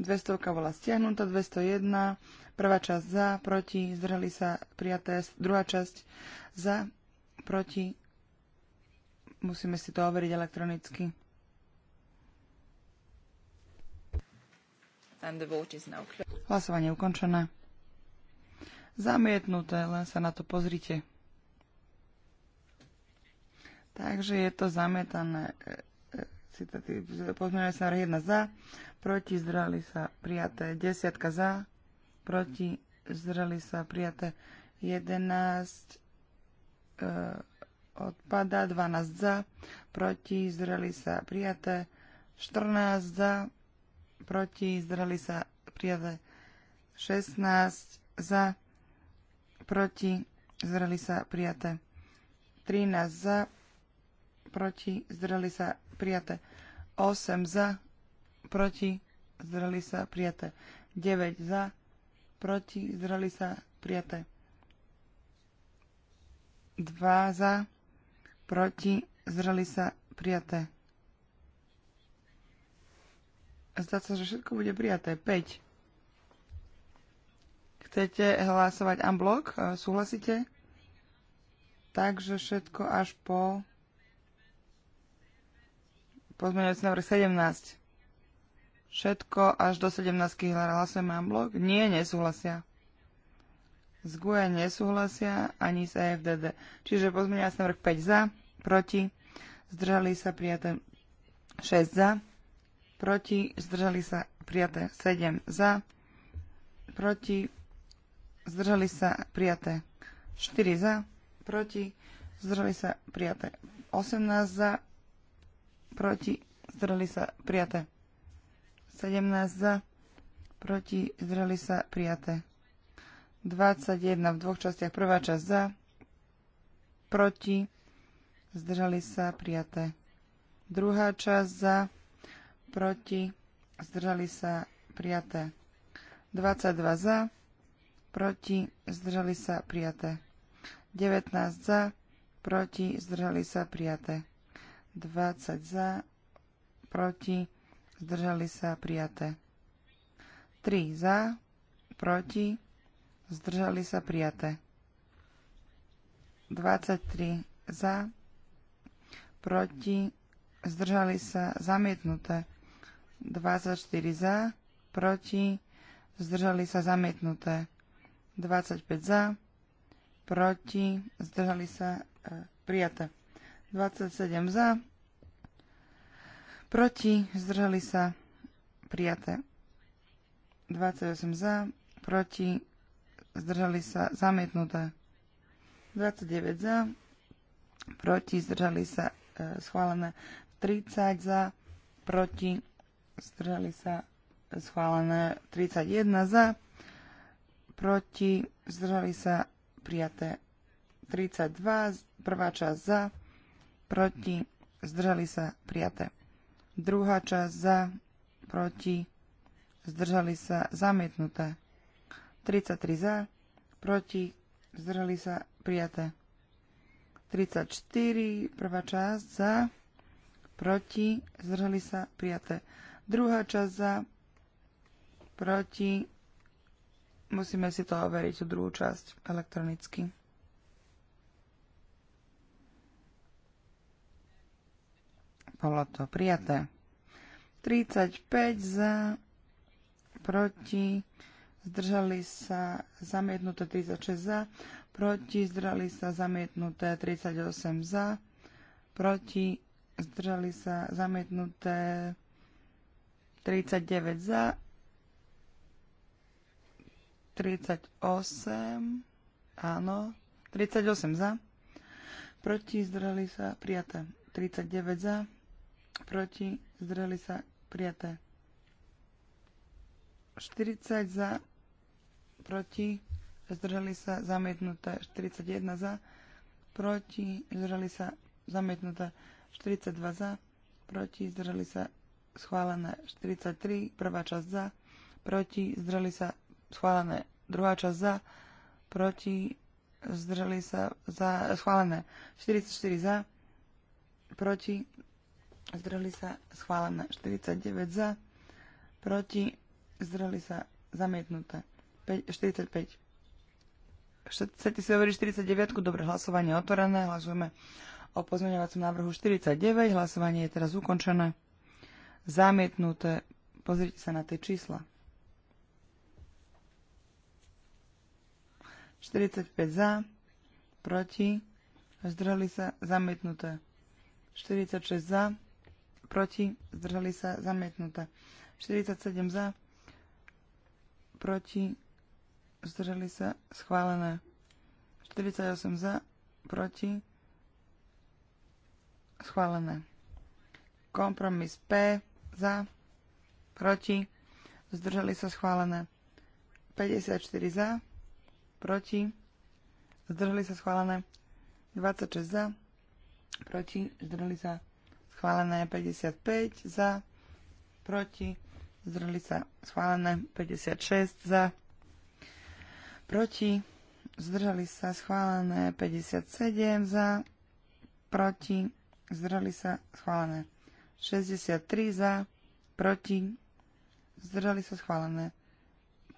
200 bola stiahnutá, 201, prvá časť za, proti, zdrhli sa prijaté, druhá časť za, proti, musíme si to overiť elektronicky. Hlasovanie ukončené. Zamietnuté, len sa na to pozrite. Takže je to zamietané pozmeňujúci návrh 1 za, proti zdrali sa prijaté 10 za, proti zdrali sa prijaté 11 e, odpada, 12 za, proti zdrali sa prijaté 14 za, proti zdrali sa prijaté 16 za, proti zdrali sa prijaté 13 za, proti zdrali sa prijaté. 8 za, proti, zdrali sa, prijaté. 9 za, proti, zdrali sa, prijaté. 2 za, proti, zdrali sa, prijaté. Zdá sa, že všetko bude prijaté. 5. Chcete hlasovať unblock? Súhlasíte? Takže všetko až po Pozmeňujúci návrh 17. Všetko až do 17. mám blok? Nie, nesúhlasia. Z GUE nesúhlasia ani z EFDD. Čiže pozmeňujúci návrh 5 za, proti, zdržali sa prijaté 6 za, proti, zdržali sa prijaté 7 za, proti, zdržali sa prijaté 4 za, proti, zdržali sa prijaté 18 za, proti, zdrali sa, prijaté. 17 za, proti, zdrali sa, prijaté. 21 v dvoch častiach, prvá časť za, proti, zdržali sa, prijaté. Druhá časť za, proti, zdržali sa, prijaté. 22 za, proti, zdržali sa, prijaté. 19 za, proti, zdržali sa, prijaté. 20 za, proti, zdržali sa prijaté. 3 za, proti, zdržali sa prijaté. 23 za, proti, zdržali sa zamietnuté. 24 za, proti, zdržali sa zamietnuté. 25 za, proti, zdržali sa e, prijaté. 27 za, proti, zdržali sa, prijaté. 28 za, proti, zdržali sa, zamietnuté. 29 za, proti, zdržali sa, e, schválené. 30 za, proti, zdržali sa, schválené. 31 za, proti, zdržali sa, prijaté. 32, prvá časť za, proti, zdržali sa, prijaté. Druhá časť za, proti, zdržali sa, zamietnuté. 33 za, proti, zdržali sa, prijaté. 34, prvá časť za, proti, zdržali sa, prijaté. Druhá časť za, proti, musíme si to overiť, tú druhú časť elektronicky. Bolo to prijaté. 35 za, proti, zdržali sa zamietnuté 36 za, proti, zdržali sa zamietnuté 38 za, proti, zdržali sa zamietnuté 39 za, 38, áno, 38 za, proti, zdržali sa prijaté 39 za, proti, zdreli sa, prijaté. 40 za, proti, zdreli sa, zamietnuté. 41 za, proti, zdreli sa, zamietnuté. 42 za, proti, zdreli sa, schválené. 43, prvá časť za, proti, zdreli sa, schválené. Druhá časť za, proti, zdreli sa, za, schválené. 44 za, proti, zdrhli sa schválené 49 za, proti zdrhli sa zamietnuté 5, 45. Chcete si overiť 49? Dobre, hlasovanie je otvorené, hlasujeme o pozmeňovacom návrhu 49, hlasovanie je teraz ukončené, zamietnuté, pozrite sa na tie čísla. 45 za, proti, zdrhli sa, zamietnuté. 46 za, proti, zdržali sa, zamietnuté. 47 za, proti, zdržali sa, schválené. 48 za, proti, schválené. Kompromis P, za, proti, zdržali sa, schválené. 54 za, proti, zdržali sa, schválené. 26 za, proti, zdržali sa, schválené schválené 55 za, proti, zdrhli sa schválené 56 za, proti, zdržali sa schválené 57 za, proti, zdržali sa schválené 63 za, proti, zdržali sa schválené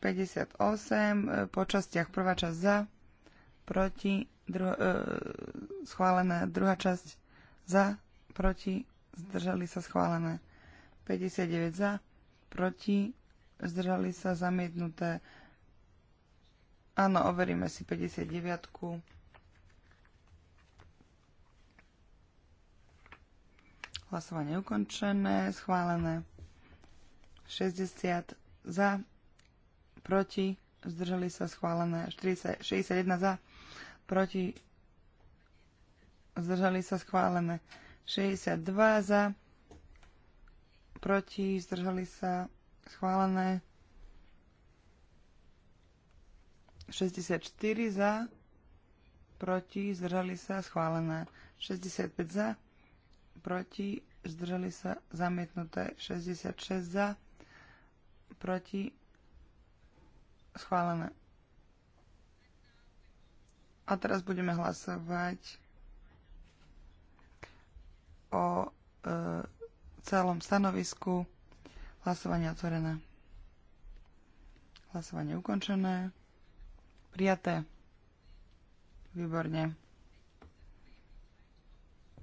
58 e, po častiach prvá časť za, proti, dru- e, schválená druhá časť za, proti, zdržali sa schválené. 59 za, proti, zdržali sa zamietnuté. Áno, overíme si 59. Hlasovanie ukončené, schválené. 60 za, proti, zdržali sa schválené. 61 za, proti, zdržali sa schválené. 62 za, proti, zdržali sa, schválené. 64 za, proti, zdržali sa, schválené. 65 za, proti, zdržali sa, zamietnuté. 66 za, proti, schválené. A teraz budeme hlasovať o e, celom stanovisku. Hlasovanie otvorené. Hlasovanie ukončené. Prijaté. Výborne.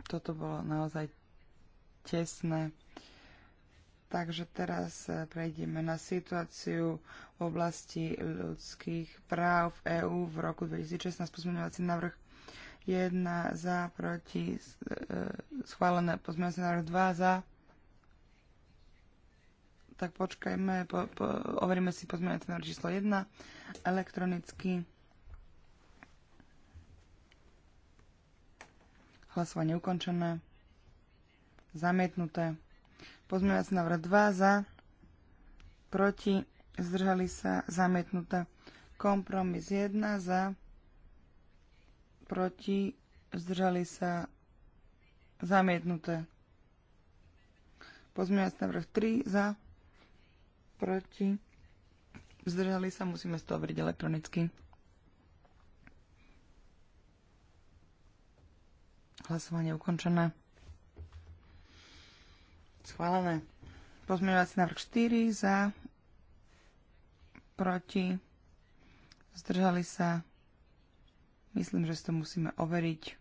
Toto bolo naozaj tesné. Takže teraz e, prejdeme na situáciu v oblasti ľudských práv v EÚ v roku 2016. Pozmeňovací návrh 1 za, proti, e, schválené pozmeňovací návrh 2 za. Tak počkajme, po, po, overíme si pozmeňovací návrh číslo 1 elektronicky. Hlasovanie ukončené. Zamietnuté. Pozmeňovací návrh 2 za, proti, zdržali sa, zamietnuté. Kompromis 1 za, proti, zdržali sa zamietnuté. Pozmeňovací návrh 3 za, proti, zdržali sa, musíme toho overiť elektronicky. Hlasovanie ukončené. Schválené. Pozmeňovací návrh 4 za, proti, zdržali sa, Myslím, že si to musíme overiť.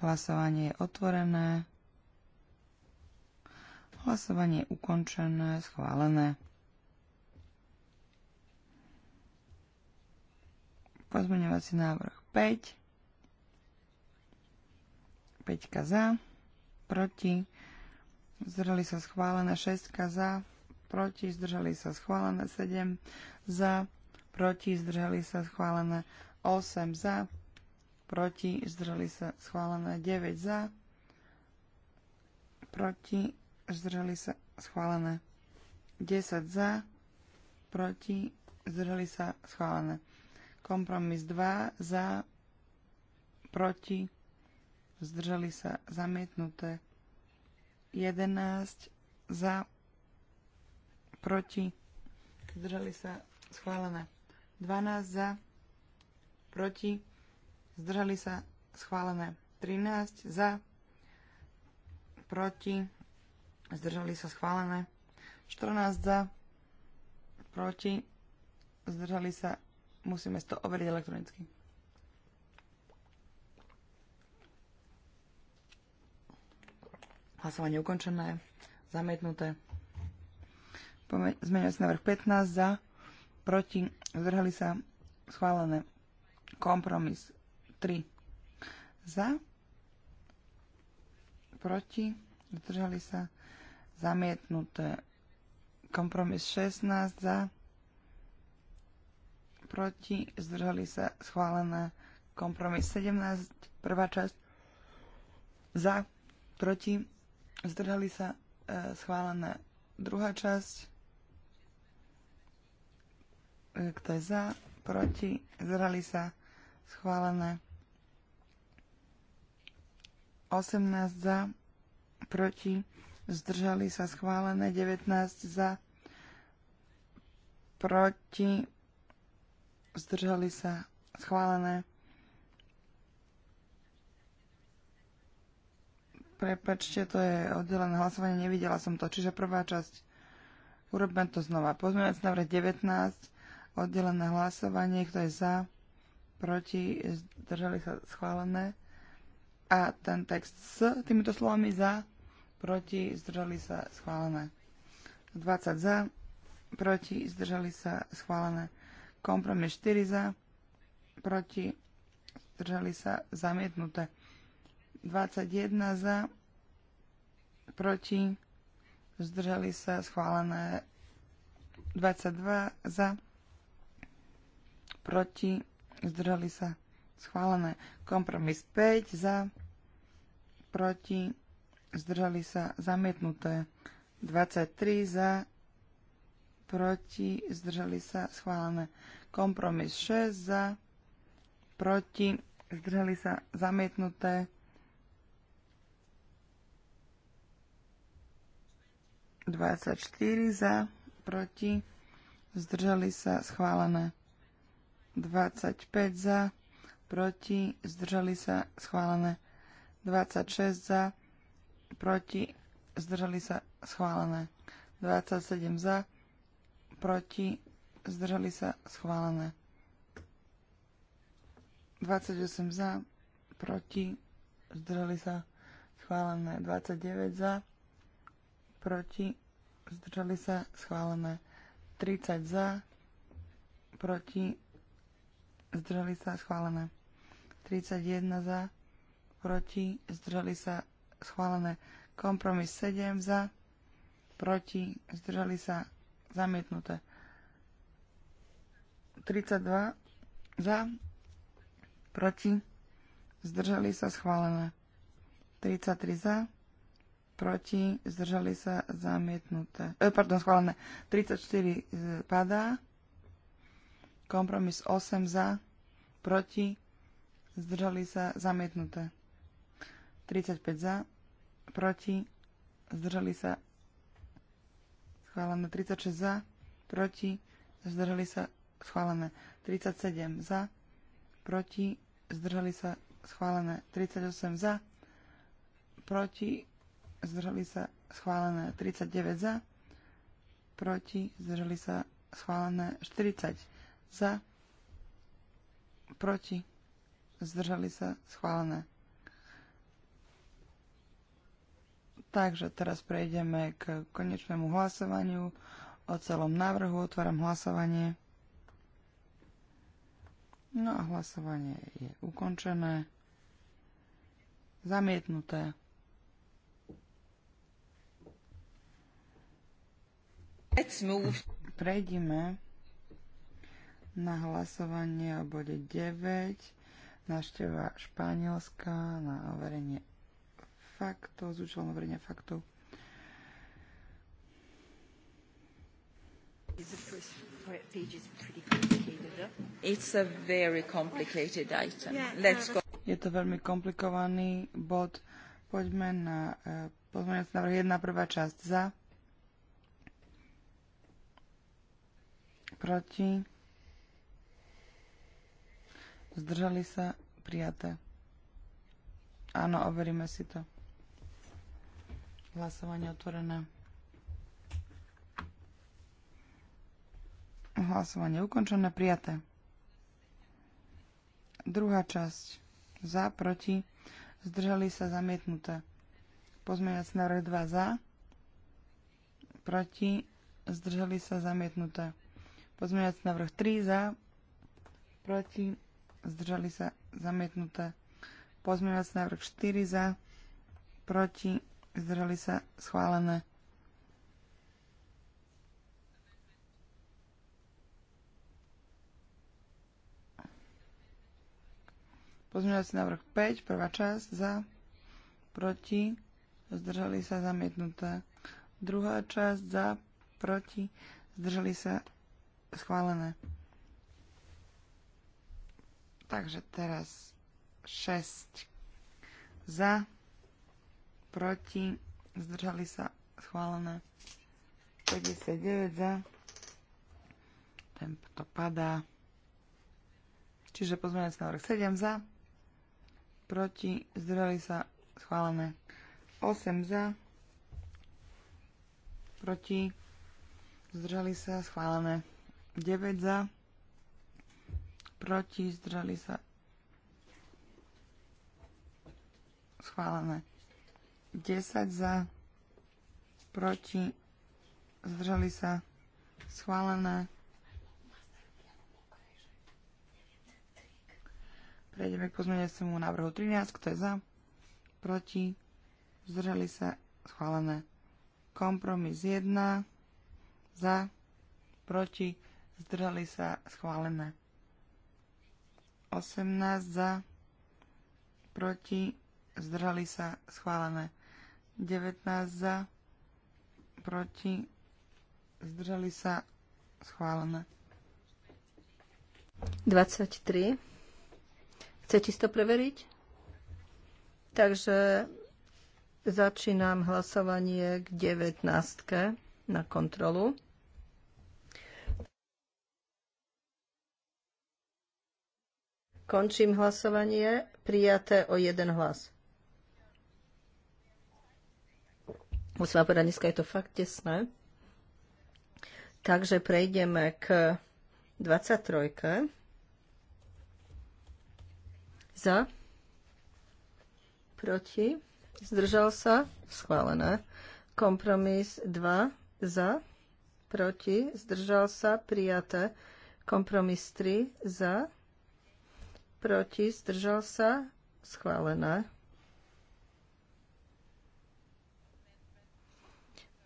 Hlasovanie je otvorené. Hlasovanie je ukončené, schválené. Pozmeňovací návrh 5. 5 za, proti, zdržali sa schválené 6 za, proti, zdržali sa schválené 7 za, proti, zdržali sa schválené 8 za, proti, zdržali sa schválené 9 za, proti, zdržali sa schválené 10 za, proti, zdržali sa schválené. Kompromis 2 za, proti, zdržali sa zamietnuté 11 za, proti, zdržali sa schválené 12 za, proti, zdržali sa, schválené. 13 za, proti, zdržali sa, schválené. 14 za, proti, zdržali sa, musíme to overiť elektronicky. Hlasovanie ukončené, zamietnuté. Zmenil sa návrh 15 za, proti, zdrhali sa, schválené. Kompromis 3 za, proti, zdržali sa, zamietnuté. Kompromis 16 za, proti, zdržali sa, schválené. Kompromis 17, prvá časť, za, proti, zdržali sa, e, schválené. Druhá časť, kto je za? Proti? zrali sa? Schválené. 18 za, proti, zdržali sa schválené, 19 za, proti, zdržali sa schválené. Prepačte, to je oddelené hlasovanie, nevidela som to. Čiže prvá časť, urobme to znova. Pozmeňovací návrh 19, Oddelené hlasovanie, kto je za, proti, zdržali sa schválené. A ten text s týmito slovami za, proti, zdržali sa schválené. 20 za, proti, zdržali sa schválené. Kompromis 4 za, proti, zdržali sa zamietnuté. 21 za, proti, zdržali sa schválené 22 za, proti, zdržali sa schválené. Kompromis 5 za, proti, zdržali sa zamietnuté. 23 za, proti, zdržali sa schválené. Kompromis 6 za, proti, zdržali sa zamietnuté. 24 za, proti, zdržali sa schválené. 25 za, proti, zdržali sa, schválené. 26 za, proti, zdržali sa, schválené. 27 za, proti, zdržali sa, schválené. 28 za, proti, zdržali sa, schválené. 29 za, proti, zdržali sa, schválené. 30 za, proti, zdržali sa, schválené. 31 za, proti, zdržali sa, schválené. Kompromis 7 za, proti, zdržali sa, zamietnuté. 32 za, proti, zdržali sa, schválené. 33 za, proti, zdržali sa, zamietnuté. E, pardon, schválené. 34 e, padá. Kompromis 8 za, proti, zdržali sa, zamietnuté. 35 za, proti, zdržali sa, schválené. 36 za, proti, zdržali sa, schválené. 37 za, proti, zdržali sa, schválené. 38 za, proti, zdržali sa, schválené. 39 za, proti, zdržali sa, schválené. 40 za, proti, zdržali sa, schválené. Takže teraz prejdeme k konečnému hlasovaniu o celom návrhu. Otváram hlasovanie. No a hlasovanie je ukončené. Zamietnuté. Prejdime na hlasovanie o bode 9, návšteva Španielska na overenie faktov, z účelom overenia faktov. It's a very complicated item. No, Let's go. Je to veľmi komplikovaný bod. Poďme na e, pozmeňovací návrh 1, prvá časť za. Proti Zdržali sa? Prijaté. Áno, overíme si to. Hlasovanie otvorené. Hlasovanie ukončené, prijaté. Druhá časť. Za, proti. Zdržali sa zamietnuté. na návrh 2 za. Proti. Zdržali sa zamietnuté. na vrch 3 za. Proti zdržali sa zamietnuté. Pozmeňovací návrh 4 za, proti, zdržali sa schválené. Pozmeňovací návrh 5, prvá časť, za, proti, zdržali sa zamietnuté. Druhá časť, za, proti, zdržali sa schválené. Takže teraz 6 za, proti, zdržali sa schválené 59 za, tento padá. Čiže pozmeňujúci návrh 7 za, proti, zdržali sa schválené 8 za, proti, zdržali sa schválené 9 za, proti, zdržali sa schválené. 10 za, proti, zdržali sa schválené. Prejdeme k pozmeňujúcemu návrhu 13, kto je za, proti, zdržali sa schválené. Kompromis 1, za, proti, zdržali sa schválené. 18 za, proti, zdržali sa, schválené. 19 za, proti, zdržali sa, schválené. 23. Chce to preveriť? Takže začínam hlasovanie k 19. na kontrolu. Končím hlasovanie. Prijaté o jeden hlas. Musím vám povedať, dneska je to fakt tesné. Takže prejdeme k 23. Za. Proti. Zdržal sa. Schválené. Kompromis 2. Za. Proti. Zdržal sa. Prijaté. Kompromis 3. Za proti, zdržal sa, schválená.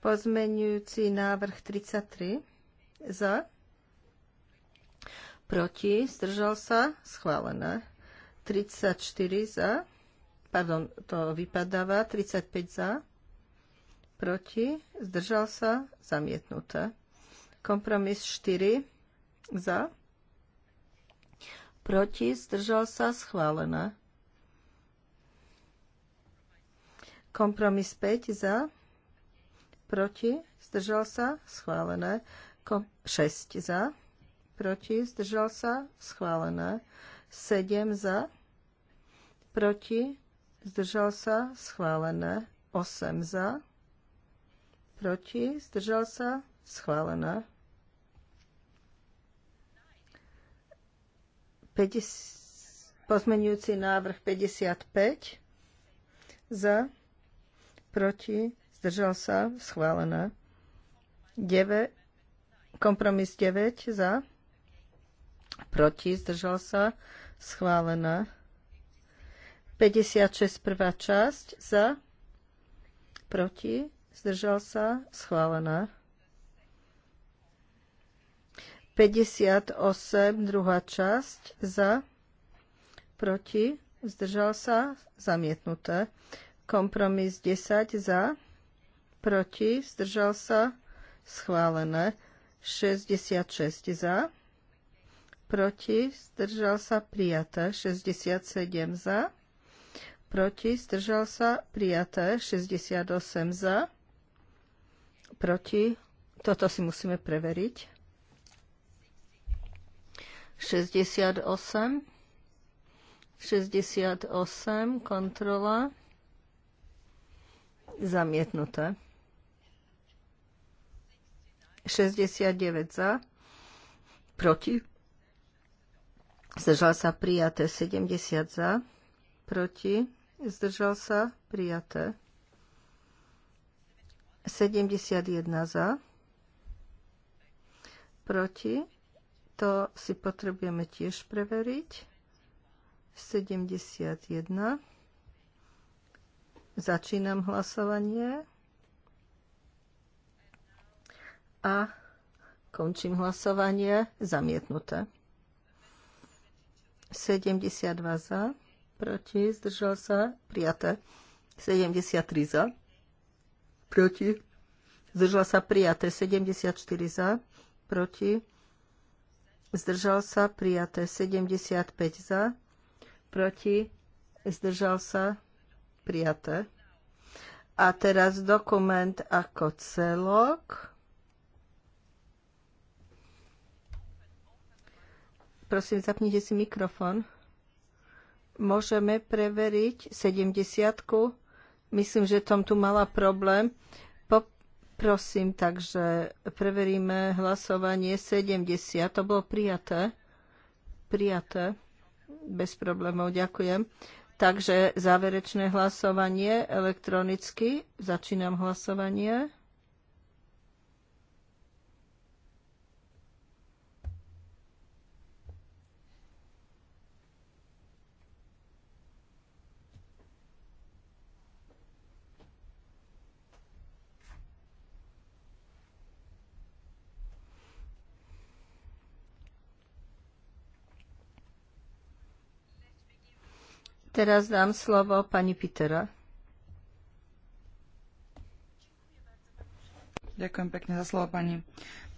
Pozmenujúci návrh 33 za, proti, zdržal sa, schválená. 34 za, pardon, to vypadáva, 35 za, proti, zdržal sa, zamietnuté. Kompromis 4 za, proti, zdržal sa, schválená. Kompromis 5 za, proti, zdržal sa, schválené. Kom 6 za, proti, zdržal sa, schválené. 7 za, proti, zdržal sa, schválené. 8 za, proti, zdržal sa, schválené. 50, pozmenujúci návrh 55 za, proti, zdržal sa, schválené. 9, kompromis 9 za, proti, zdržal sa, schválené. 56 prvá časť za, proti, zdržal sa, schválené. 58, druhá časť, za, proti, zdržal sa, zamietnuté. Kompromis 10, za, proti, zdržal sa, schválené. 66 za, proti, zdržal sa, prijaté. 67 za, proti, zdržal sa, prijaté. 68 za, proti, toto si musíme preveriť. 68. 68, kontrola. Zamietnuté. 69 za. Proti. Zdržal sa prijaté. 70 za. Proti. Zdržal sa prijaté. 71 za. Proti. To si potrebujeme tiež preveriť. 71. Začínam hlasovanie. A končím hlasovanie. Zamietnuté. 72 za, proti, zdržal sa, prijaté. 73 za, proti, zdržal sa, prijaté. 74 za, proti, zdržal sa, prijaté 75 za, proti, zdržal sa, prijaté. A teraz dokument ako celok. Prosím, zapnite si mikrofón. Môžeme preveriť 70. Myslím, že Tom tu mala problém. Prosím, takže preveríme hlasovanie 70. To bolo prijaté. Prijaté. Bez problémov. Ďakujem. Takže záverečné hlasovanie elektronicky. Začínam hlasovanie. Teraz dám slovo pani Pitera. Ďakujem pekne za slovo, pani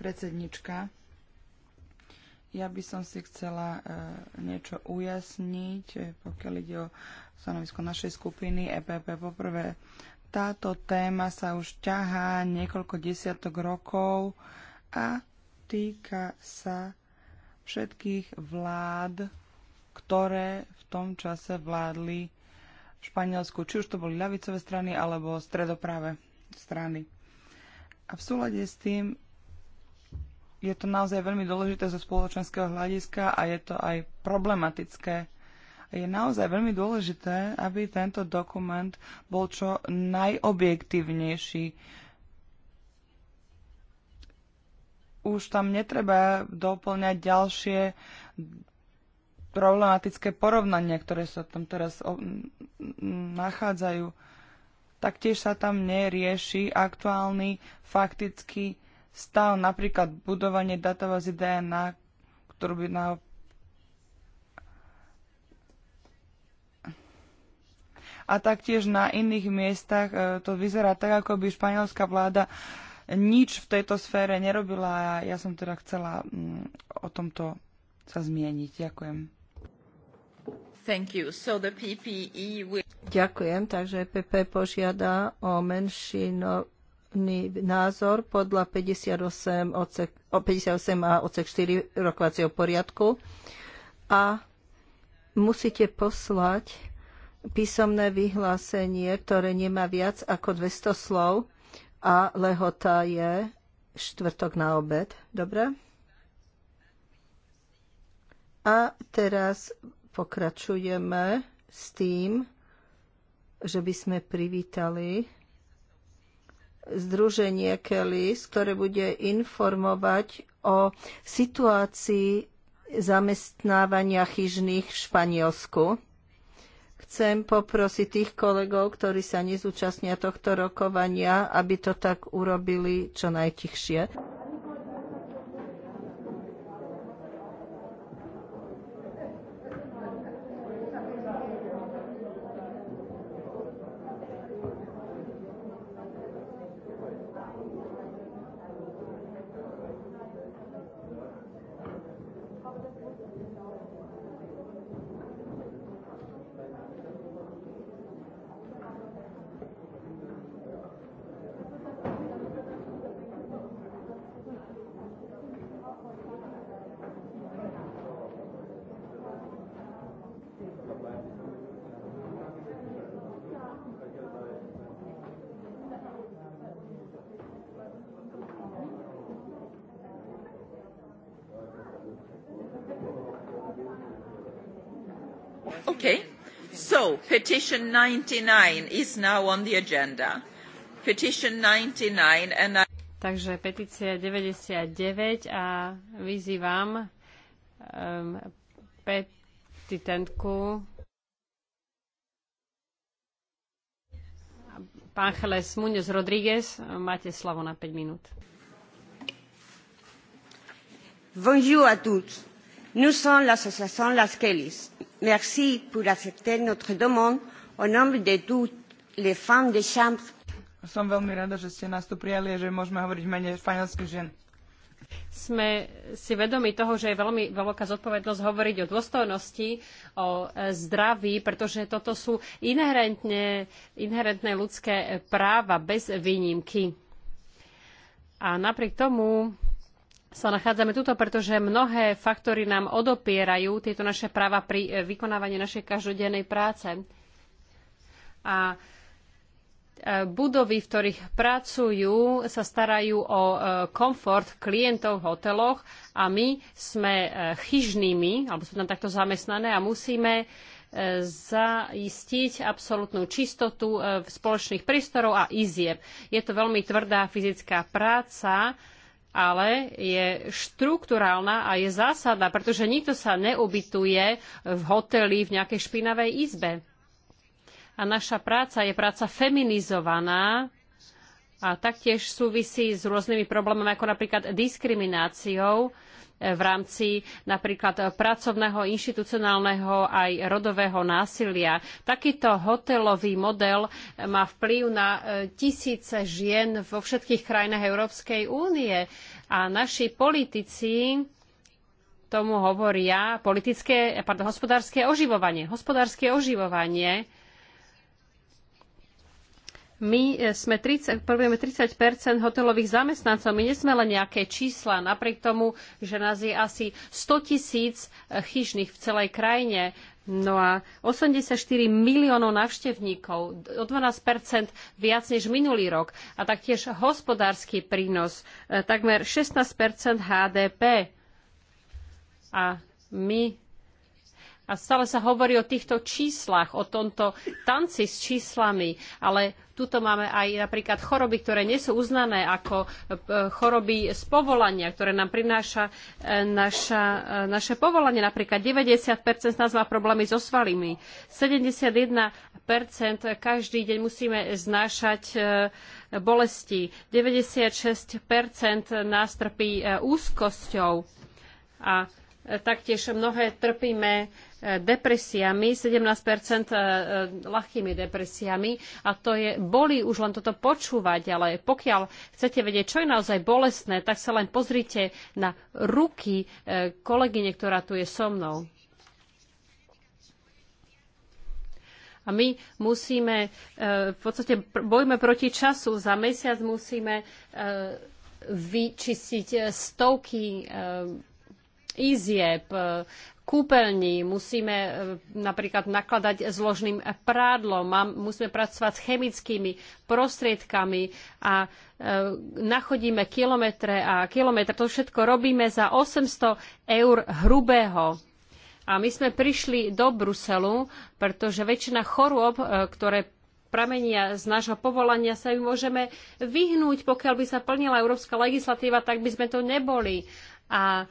predsednička. Ja by som si chcela e, niečo ujasniť, e, pokiaľ ide o stanovisko našej skupiny EPP. Poprvé, táto téma sa už ťahá niekoľko desiatok rokov a týka sa všetkých vlád ktoré v tom čase vládli v Španielsku, či už to boli ľavicové strany alebo stredopráve strany. A v súlade s tým je to naozaj veľmi dôležité zo spoločenského hľadiska a je to aj problematické. Je naozaj veľmi dôležité, aby tento dokument bol čo najobjektívnejší. Už tam netreba doplňať ďalšie problematické porovnania, ktoré sa tam teraz nachádzajú. Taktiež sa tam nerieši aktuálny faktický stav, napríklad budovanie databázy DNA, ktorú by na a taktiež na iných miestach e, to vyzerá tak, ako by španielská vláda nič v tejto sfére nerobila a ja som teda chcela mm, o tomto sa zmieniť. Ďakujem. E Ďakujem, takže PP požiada o menšinový názor podľa 58, odsek, 58 a odsek 4 rokovacieho poriadku a musíte poslať písomné vyhlásenie, ktoré nemá viac ako 200 slov a lehota je štvrtok na obed. Dobre? A teraz pokračujeme s tým, že by sme privítali Združenie Kelly, ktoré bude informovať o situácii zamestnávania chyžných v Španielsku. Chcem poprosiť tých kolegov, ktorí sa nezúčastnia tohto rokovania, aby to tak urobili čo najtichšie. So, oh, petition 99 is now on the agenda. Petition 99 and Takže petícia 99 a vyzývam um, petitentku Pán Cheles Muñoz Rodríguez, máte slovo na 5 minút. Bonjour à tous. Nous sommes l'association Las Kelis. Merci pour accepter notre demande au nom de toutes les femmes de chambre. Som veľmi rada, že ste nás tu prijali a že môžeme hovoriť v mene španielských žien. Sme si vedomi toho, že je veľmi veľká zodpovednosť hovoriť o dôstojnosti, o e, zdraví, pretože toto sú inherentne, inherentné ľudské práva bez výnimky. A napriek tomu sa nachádzame tuto, pretože mnohé faktory nám odopierajú tieto naše práva pri e, vykonávaní našej každodennej práce. A e, budovy, v ktorých pracujú, sa starajú o e, komfort klientov v hoteloch a my sme chyžnými, alebo sme tam takto zamestnané a musíme zaistiť absolútnu čistotu spoločných priestorov a izieb. Je to veľmi tvrdá fyzická práca, ale je štruktúrálna a je zásadná, pretože nikto sa neubytuje v hoteli v nejakej špinavej izbe. A naša práca je práca feminizovaná a taktiež súvisí s rôznymi problémami, ako napríklad diskrimináciou, v rámci napríklad pracovného, inštitucionálneho aj rodového násilia. Takýto hotelový model má vplyv na e, tisíce žien vo všetkých krajinách Európskej únie a naši politici tomu hovoria politické, pardon, hospodárske oživovanie. Hospodárske oživovanie my e, sme 30, prvujeme 30 hotelových zamestnancov. My nie sme len nejaké čísla, napriek tomu, že nás je asi 100 tisíc e, chyžných v celej krajine. No a 84 miliónov navštevníkov, o 12 viac než minulý rok. A taktiež hospodársky prínos, e, takmer 16 HDP. A my a stále sa hovorí o týchto číslach, o tomto tanci s číslami, ale tuto máme aj napríklad choroby, ktoré nie sú uznané ako e, choroby z povolania, ktoré nám prináša e, naša, e, naše povolanie. Napríklad 90% z nás má problémy so svalými. 71% každý deň musíme znášať bolesti. 96% nás trpí úzkosťou. A taktiež mnohé trpíme depresiami, 17 e, e, ľahkými depresiami a to je, boli už len toto počúvať, ale pokiaľ chcete vedieť, čo je naozaj bolestné, tak sa len pozrite na ruky e, kolegyne, ktorá tu je so mnou. A my musíme, v podstate bojme proti času, za mesiac musíme vyčistiť stovky izieb, kúpeľní, musíme e, napríklad nakladať zložným prádlom, musíme pracovať s chemickými prostriedkami a e, nachodíme kilometre a kilometre. To všetko robíme za 800 eur hrubého. A my sme prišli do Bruselu, pretože väčšina chorôb, e, ktoré pramenia z nášho povolania sa im môžeme vyhnúť. Pokiaľ by sa plnila európska legislatíva, tak by sme to neboli. A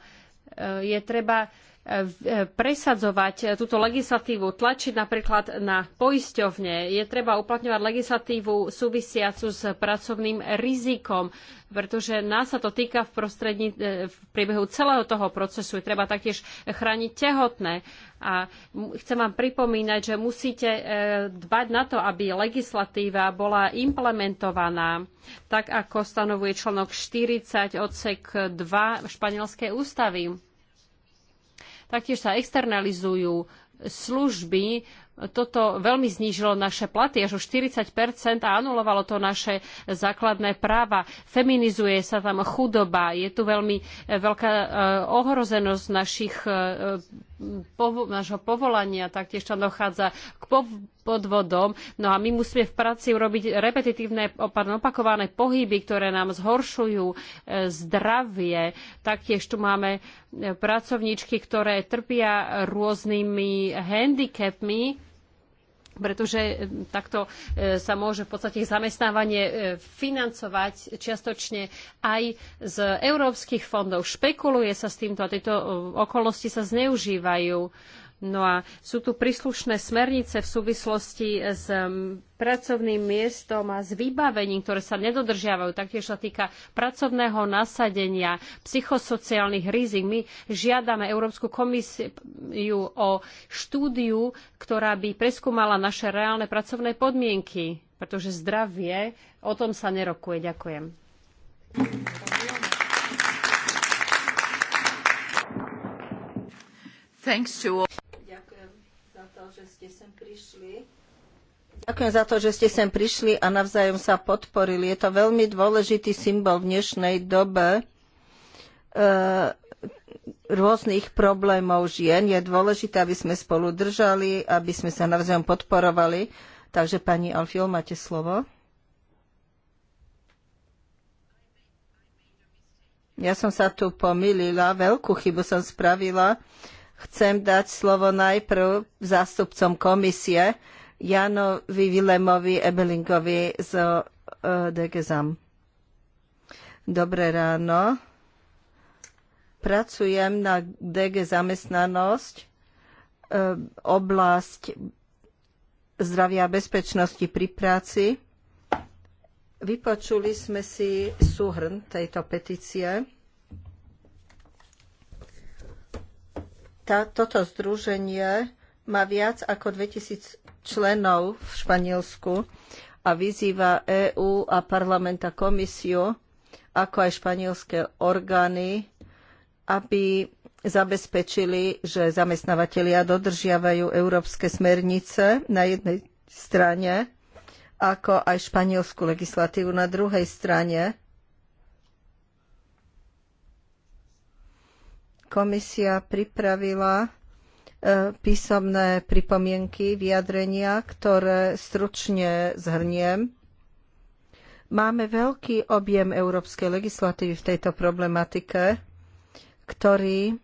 je treba presadzovať túto legislatívu, tlačiť napríklad na poisťovne. Je treba uplatňovať legislatívu súvisiacu s pracovným rizikom, pretože nás sa to týka v, e, v priebehu celého toho procesu. Je treba taktiež chrániť tehotné. A chcem vám pripomínať, že musíte e, dbať na to, aby legislatíva bola implementovaná tak, ako stanovuje článok 40 odsek 2 španielskej ústavy Taktiež sa externalizujú služby. Toto veľmi znížilo naše platy až o 40 a anulovalo to naše základné práva. Feminizuje sa tam chudoba, je tu veľmi e, veľká e, ohrozenosť našich e, povo- nášho povolania, taktiež tam dochádza k podvodom. No a my musíme v práci urobiť repetitívne, opakované pohyby, ktoré nám zhoršujú e, zdravie. Taktiež tu máme e, pracovníčky, ktoré trpia rôznymi handicapmi, pretože e, takto e, sa môže v podstate ich zamestnávanie e, financovať čiastočne aj z európskych fondov. Špekuluje sa s týmto a tieto okolnosti sa zneužívajú. No a sú tu príslušné smernice v súvislosti s pracovným miestom a s vybavením, ktoré sa nedodržiavajú. Taktiež sa týka pracovného nasadenia, psychosociálnych rizik. My žiadame Európsku komisiu o štúdiu, ktorá by preskúmala naše reálne pracovné podmienky, pretože zdravie, o tom sa nerokuje. Ďakujem. Thanks to all to, že ste sem prišli. Ďakujem za to, že ste sem prišli a navzájom sa podporili. Je to veľmi dôležitý symbol v dnešnej dobe e, rôznych problémov žien. Je dôležité, aby sme spolu držali, aby sme sa navzájom podporovali. Takže pani Alfiol, máte slovo. Ja som sa tu pomýlila, veľkú chybu som spravila. Chcem dať slovo najprv zástupcom komisie Janovi Vilemovi Ebelingovi z e, DGZAM. Dobré ráno. Pracujem na DG zamestnanosť, e, oblasť zdravia a bezpečnosti pri práci. Vypočuli sme si súhrn tejto petície tá, toto združenie má viac ako 2000 členov v Španielsku a vyzýva EÚ a parlament a komisiu, ako aj španielske orgány, aby zabezpečili, že zamestnávatelia dodržiavajú európske smernice na jednej strane, ako aj španielsku legislatívu na druhej strane komisia pripravila e, písomné pripomienky, vyjadrenia, ktoré stručne zhrniem. Máme veľký objem európskej legislatívy v tejto problematike, ktorý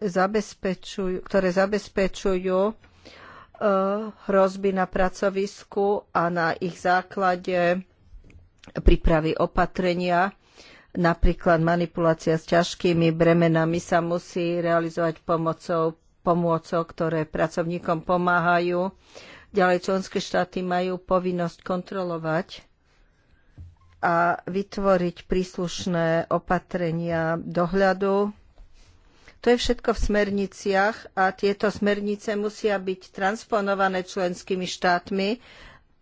zabezpečujú, ktoré zabezpečujú e, hrozby na pracovisku a na ich základe prípravy opatrenia Napríklad manipulácia s ťažkými bremenami sa musí realizovať pomocou pomôcok, ktoré pracovníkom pomáhajú. Ďalej členské štáty majú povinnosť kontrolovať a vytvoriť príslušné opatrenia dohľadu. To je všetko v smerniciach a tieto smernice musia byť transponované členskými štátmi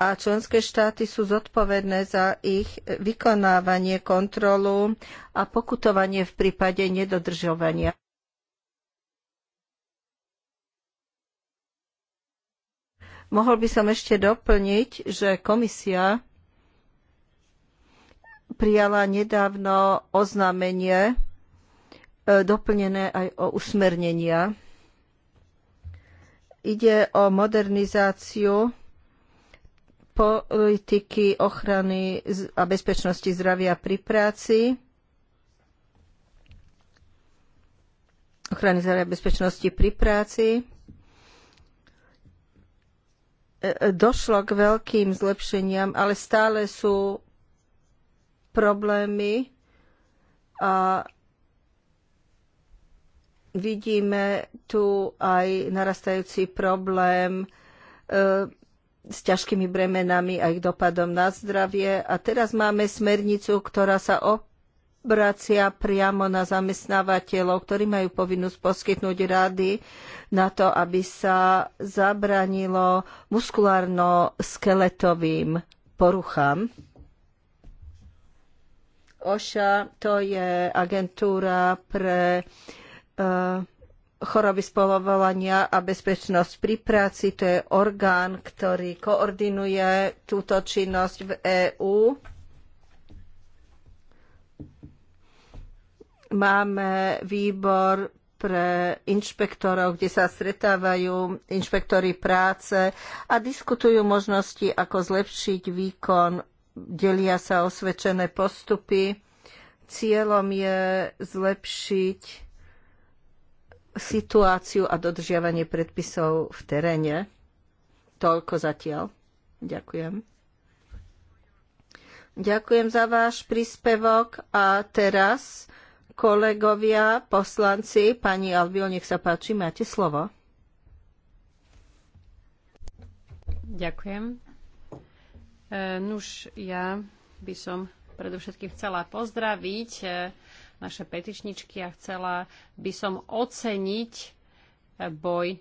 a členské štáty sú zodpovedné za ich vykonávanie, kontrolu a pokutovanie v prípade nedodržovania. Mohol by som ešte doplniť, že komisia prijala nedávno oznámenie e, doplnené aj o usmernenia. Ide o modernizáciu politiky ochrany a bezpečnosti zdravia pri práci, ochrany zdravia a bezpečnosti pri práci. E, e, došlo k veľkým zlepšeniam, ale stále sú problémy a vidíme tu aj narastajúci problém e, s ťažkými bremenami a ich dopadom na zdravie. A teraz máme smernicu, ktorá sa obracia priamo na zamestnávateľov, ktorí majú povinnosť poskytnúť rady na to, aby sa zabranilo muskulárno-skeletovým poruchám. OŠA to je agentúra pre uh, choroby povolania a bezpečnosť pri práci. To je orgán, ktorý koordinuje túto činnosť v EÚ. Máme výbor pre inšpektorov, kde sa stretávajú inšpektori práce a diskutujú možnosti, ako zlepšiť výkon, delia sa osvedčené postupy. Cieľom je zlepšiť situáciu a dodržiavanie predpisov v teréne. Toľko zatiaľ. Ďakujem. Ďakujem za váš príspevok a teraz kolegovia, poslanci, pani Alvio, nech sa páči, máte slovo. Ďakujem. E, nuž, ja by som predovšetkým chcela pozdraviť e, naše petičničky a chcela by som oceniť eh, boj eh,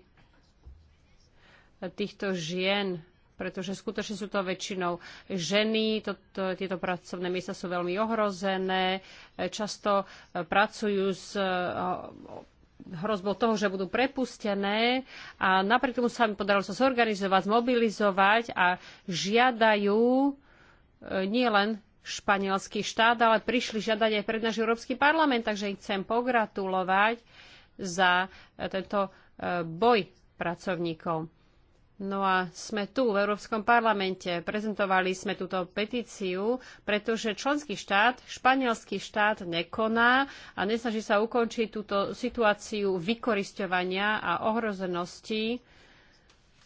týchto žien, pretože skutočne sú to väčšinou ženy, toto, tieto pracovné miesta sú veľmi ohrozené, eh, často pracujú s hrozbou toho, že budú prepustené a napriek tomu sa mi podarilo sa zorganizovať, zmobilizovať a žiadajú nielen španielský štát, ale prišli žiadať aj pred náš Európsky parlament, takže ich chcem pogratulovať za e, tento e, boj pracovníkov. No a sme tu v Európskom parlamente, prezentovali sme túto petíciu, pretože členský štát, španielský štát nekoná a nesnaží sa ukončiť túto situáciu vykorisťovania a ohrozenosti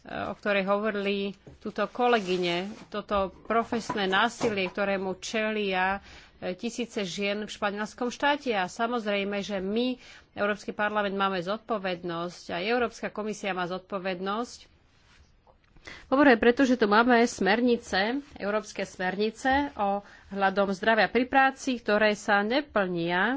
o ktorej hovorili túto kolegyne, toto profesné násilie, ktorému čelia e, tisíce žien v španielskom štáte. A samozrejme, že my, Európsky parlament, máme zodpovednosť a Európska komisia má zodpovednosť. Poprvé, pretože tu máme smernice, európske smernice o hľadom zdravia pri práci, ktoré sa neplnia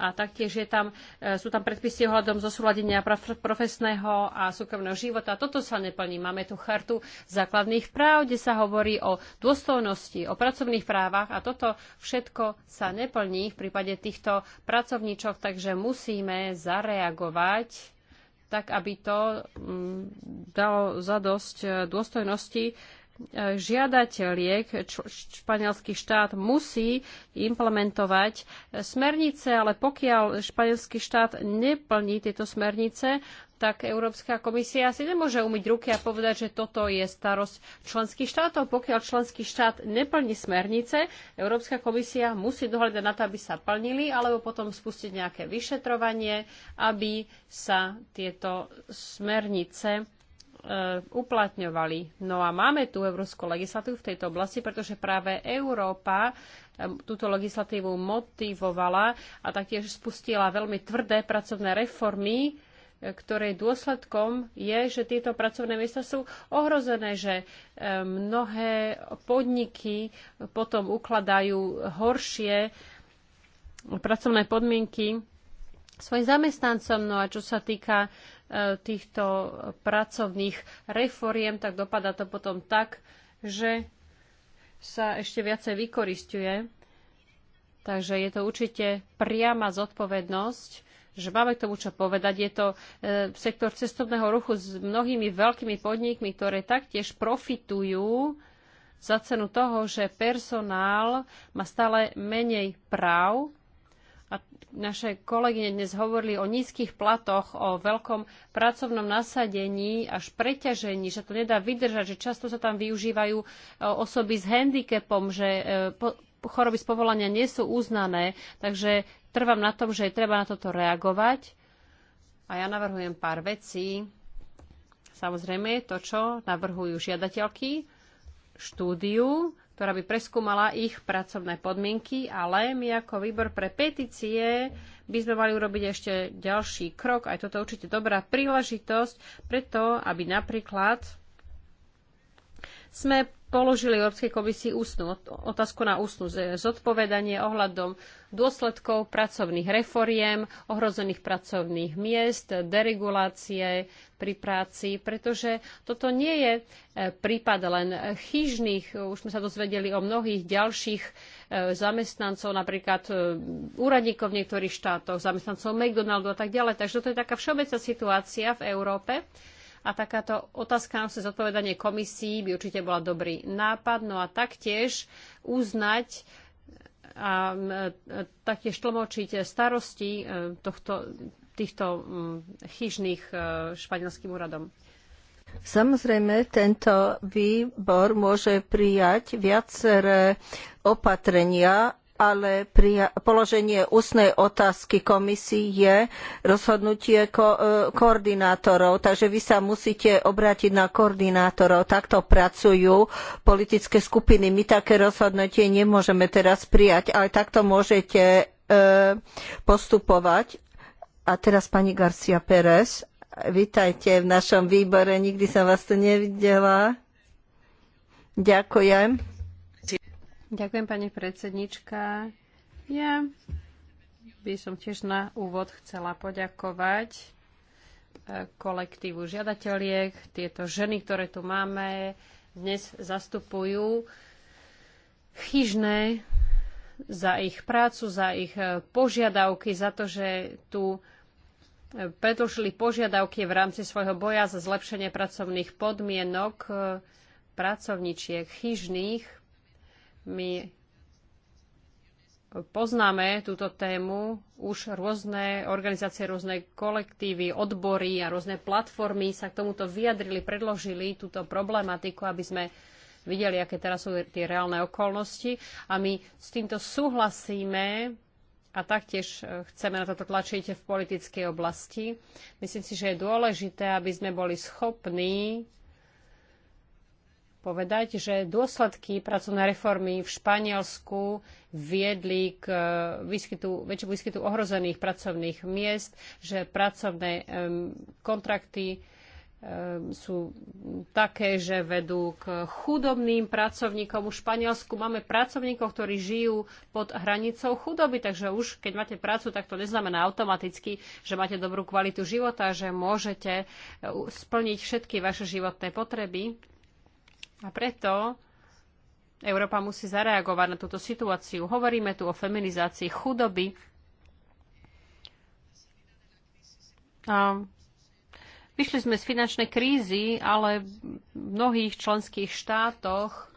a taktiež je tam, e, sú tam predpisy ohľadom zosúladenia profesného a súkromného života. Toto sa neplní. Máme tu chartu základných práv, kde sa hovorí o dôstojnosti, o pracovných právach a toto všetko sa neplní v prípade týchto pracovníčok, takže musíme zareagovať tak, aby to mm, dalo zadosť e, dôstojnosti žiadať liek, španielský štát musí implementovať smernice, ale pokiaľ španielský štát neplní tieto smernice, tak Európska komisia si nemôže umyť ruky a povedať, že toto je starosť členských štátov. Pokiaľ členský štát neplní smernice, Európska komisia musí dohľadať na to, aby sa plnili, alebo potom spustiť nejaké vyšetrovanie, aby sa tieto smernice E, uplatňovali. No a máme tu európsku legislatívu v tejto oblasti, pretože práve Európa e, túto legislatívu motivovala a taktiež spustila veľmi tvrdé pracovné reformy, e, ktorej dôsledkom je, že tieto pracovné miesta sú ohrozené, že mnohé podniky potom ukladajú horšie pracovné podmienky svojim zamestnancom. No a čo sa týka týchto pracovných reforiem, tak dopadá to potom tak, že sa ešte viacej vykoristuje. Takže je to určite priama zodpovednosť že máme k tomu čo povedať. Je to e, sektor cestovného ruchu s mnohými veľkými podnikmi, ktoré taktiež profitujú za cenu toho, že personál má stále menej práv a naše kolegyne dnes hovorili o nízkych platoch, o veľkom pracovnom nasadení až preťažení, že to nedá vydržať, že často sa tam využívajú e, osoby s handicapom, že e, choroby z povolania nie sú uznané, takže trvám na tom, že je treba na toto reagovať. A ja navrhujem pár vecí. Samozrejme, to, čo navrhujú žiadateľky, štúdiu, ktorá by preskúmala ich pracovné podmienky, ale my ako výbor pre petície by sme mali urobiť ešte ďalší krok. Aj toto je určite dobrá príležitosť preto, aby napríklad sme položili Európskej komisii ústnu, otázku na ústnu zodpovedanie ohľadom dôsledkov pracovných reforiem, ohrozených pracovných miest, deregulácie pri práci, pretože toto nie je e, prípad len chyžných. Už sme sa dozvedeli o mnohých ďalších e, zamestnancov, napríklad e, úradníkov v niektorých štátoch, zamestnancov McDonaldu a tak ďalej. Takže toto je taká všeobecná situácia v Európe. A takáto otázka na sa zodpovedanie komisii by určite bola dobrý nápad. No a taktiež uznať a taktiež tlmočiť starosti e, tohto, týchto chyžných e, španielským úradom. Samozrejme, tento výbor môže prijať viaceré opatrenia ale položenie ústnej otázky komisii je rozhodnutie ko e, koordinátorov. Takže vy sa musíte obrátiť na koordinátorov. Takto pracujú politické skupiny. My také rozhodnutie nemôžeme teraz prijať, ale takto môžete e, postupovať. A teraz pani Garcia Pérez. Vítajte v našom výbore. Nikdy som vás tu nevidela. Ďakujem. Ďakujem, pani predsednička. Ja by som tiež na úvod chcela poďakovať e, kolektívu žiadateľiek. Tieto ženy, ktoré tu máme, dnes zastupujú chyžné za ich prácu, za ich e, požiadavky, za to, že tu e, predložili požiadavky v rámci svojho boja za zlepšenie pracovných podmienok pracovničiek chyžných my poznáme túto tému, už rôzne organizácie, rôzne kolektívy, odbory a rôzne platformy sa k tomuto vyjadrili, predložili túto problematiku, aby sme videli, aké teraz sú tie reálne okolnosti. A my s týmto súhlasíme a taktiež e, chceme na toto tlačiť v politickej oblasti. Myslím si, že je dôležité, aby sme boli schopní povedať, že dôsledky pracovnej reformy v Španielsku viedli k eh, výskytu, väčšiemu výskytu ohrozených pracovných miest, že pracovné kontrakty sú také, že vedú k chudobným pracovníkom. v Španielsku máme pracovníkov, ktorí žijú pod hranicou chudoby, takže už keď máte prácu, tak to neznamená automaticky, že máte dobrú kvalitu života, že môžete eh, splniť všetky vaše životné potreby. A preto Európa musí zareagovať na túto situáciu. Hovoríme tu o feminizácii chudoby. A vyšli sme z finančnej krízy, ale v mnohých členských štátoch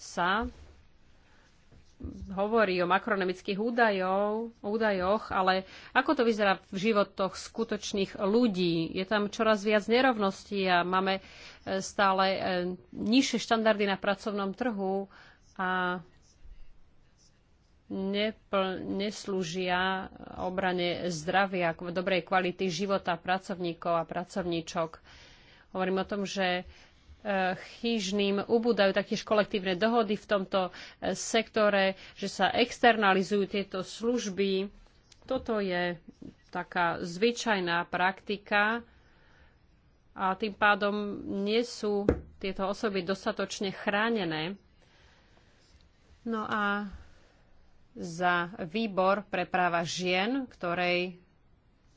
sa hovorí o makronomických údajov, údajoch, ale ako to vyzerá v životoch skutočných ľudí? Je tam čoraz viac nerovností a máme e, stále e, nižšie štandardy na pracovnom trhu a nepl- neslúžia obrane zdravia, dobrej kvality života pracovníkov a pracovníčok. Hovorím o tom, že chýžným ubúdajú taktiež kolektívne dohody v tomto e, sektore, že sa externalizujú tieto služby. Toto je taká zvyčajná praktika a tým pádom nie sú tieto osoby dostatočne chránené. No a za výbor pre práva žien, ktorej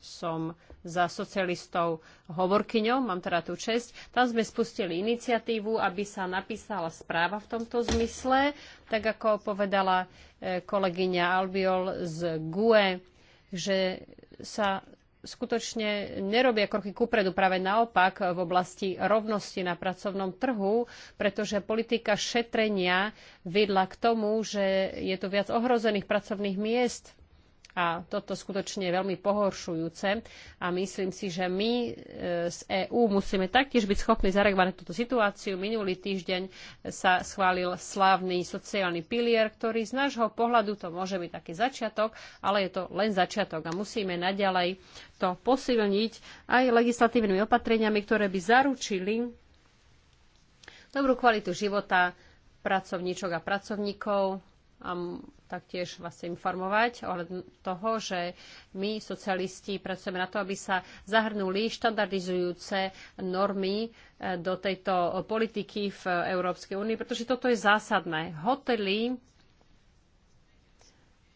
som za socialistov hovorkyňou, mám teda tú čest. Tam sme spustili iniciatívu, aby sa napísala správa v tomto zmysle, tak ako povedala e, kolegyňa Albiol z GUE, že sa skutočne nerobia kroky kupredu, práve naopak v oblasti rovnosti na pracovnom trhu, pretože politika šetrenia vedla k tomu, že je tu viac ohrozených pracovných miest a toto skutočne je veľmi pohoršujúce a myslím si, že my e, z EÚ musíme taktiež byť schopní zareagovať na túto situáciu. Minulý týždeň sa schválil slávny sociálny pilier, ktorý z nášho pohľadu to môže byť taký začiatok, ale je to len začiatok a musíme naďalej to posilniť aj legislatívnymi opatreniami, ktoré by zaručili dobrú kvalitu života pracovníčok a pracovníkov a taktiež vás informovať o toho, že my, socialisti, pracujeme na to, aby sa zahrnuli štandardizujúce normy e, do tejto politiky v Európskej únii, pretože toto je zásadné. Hotely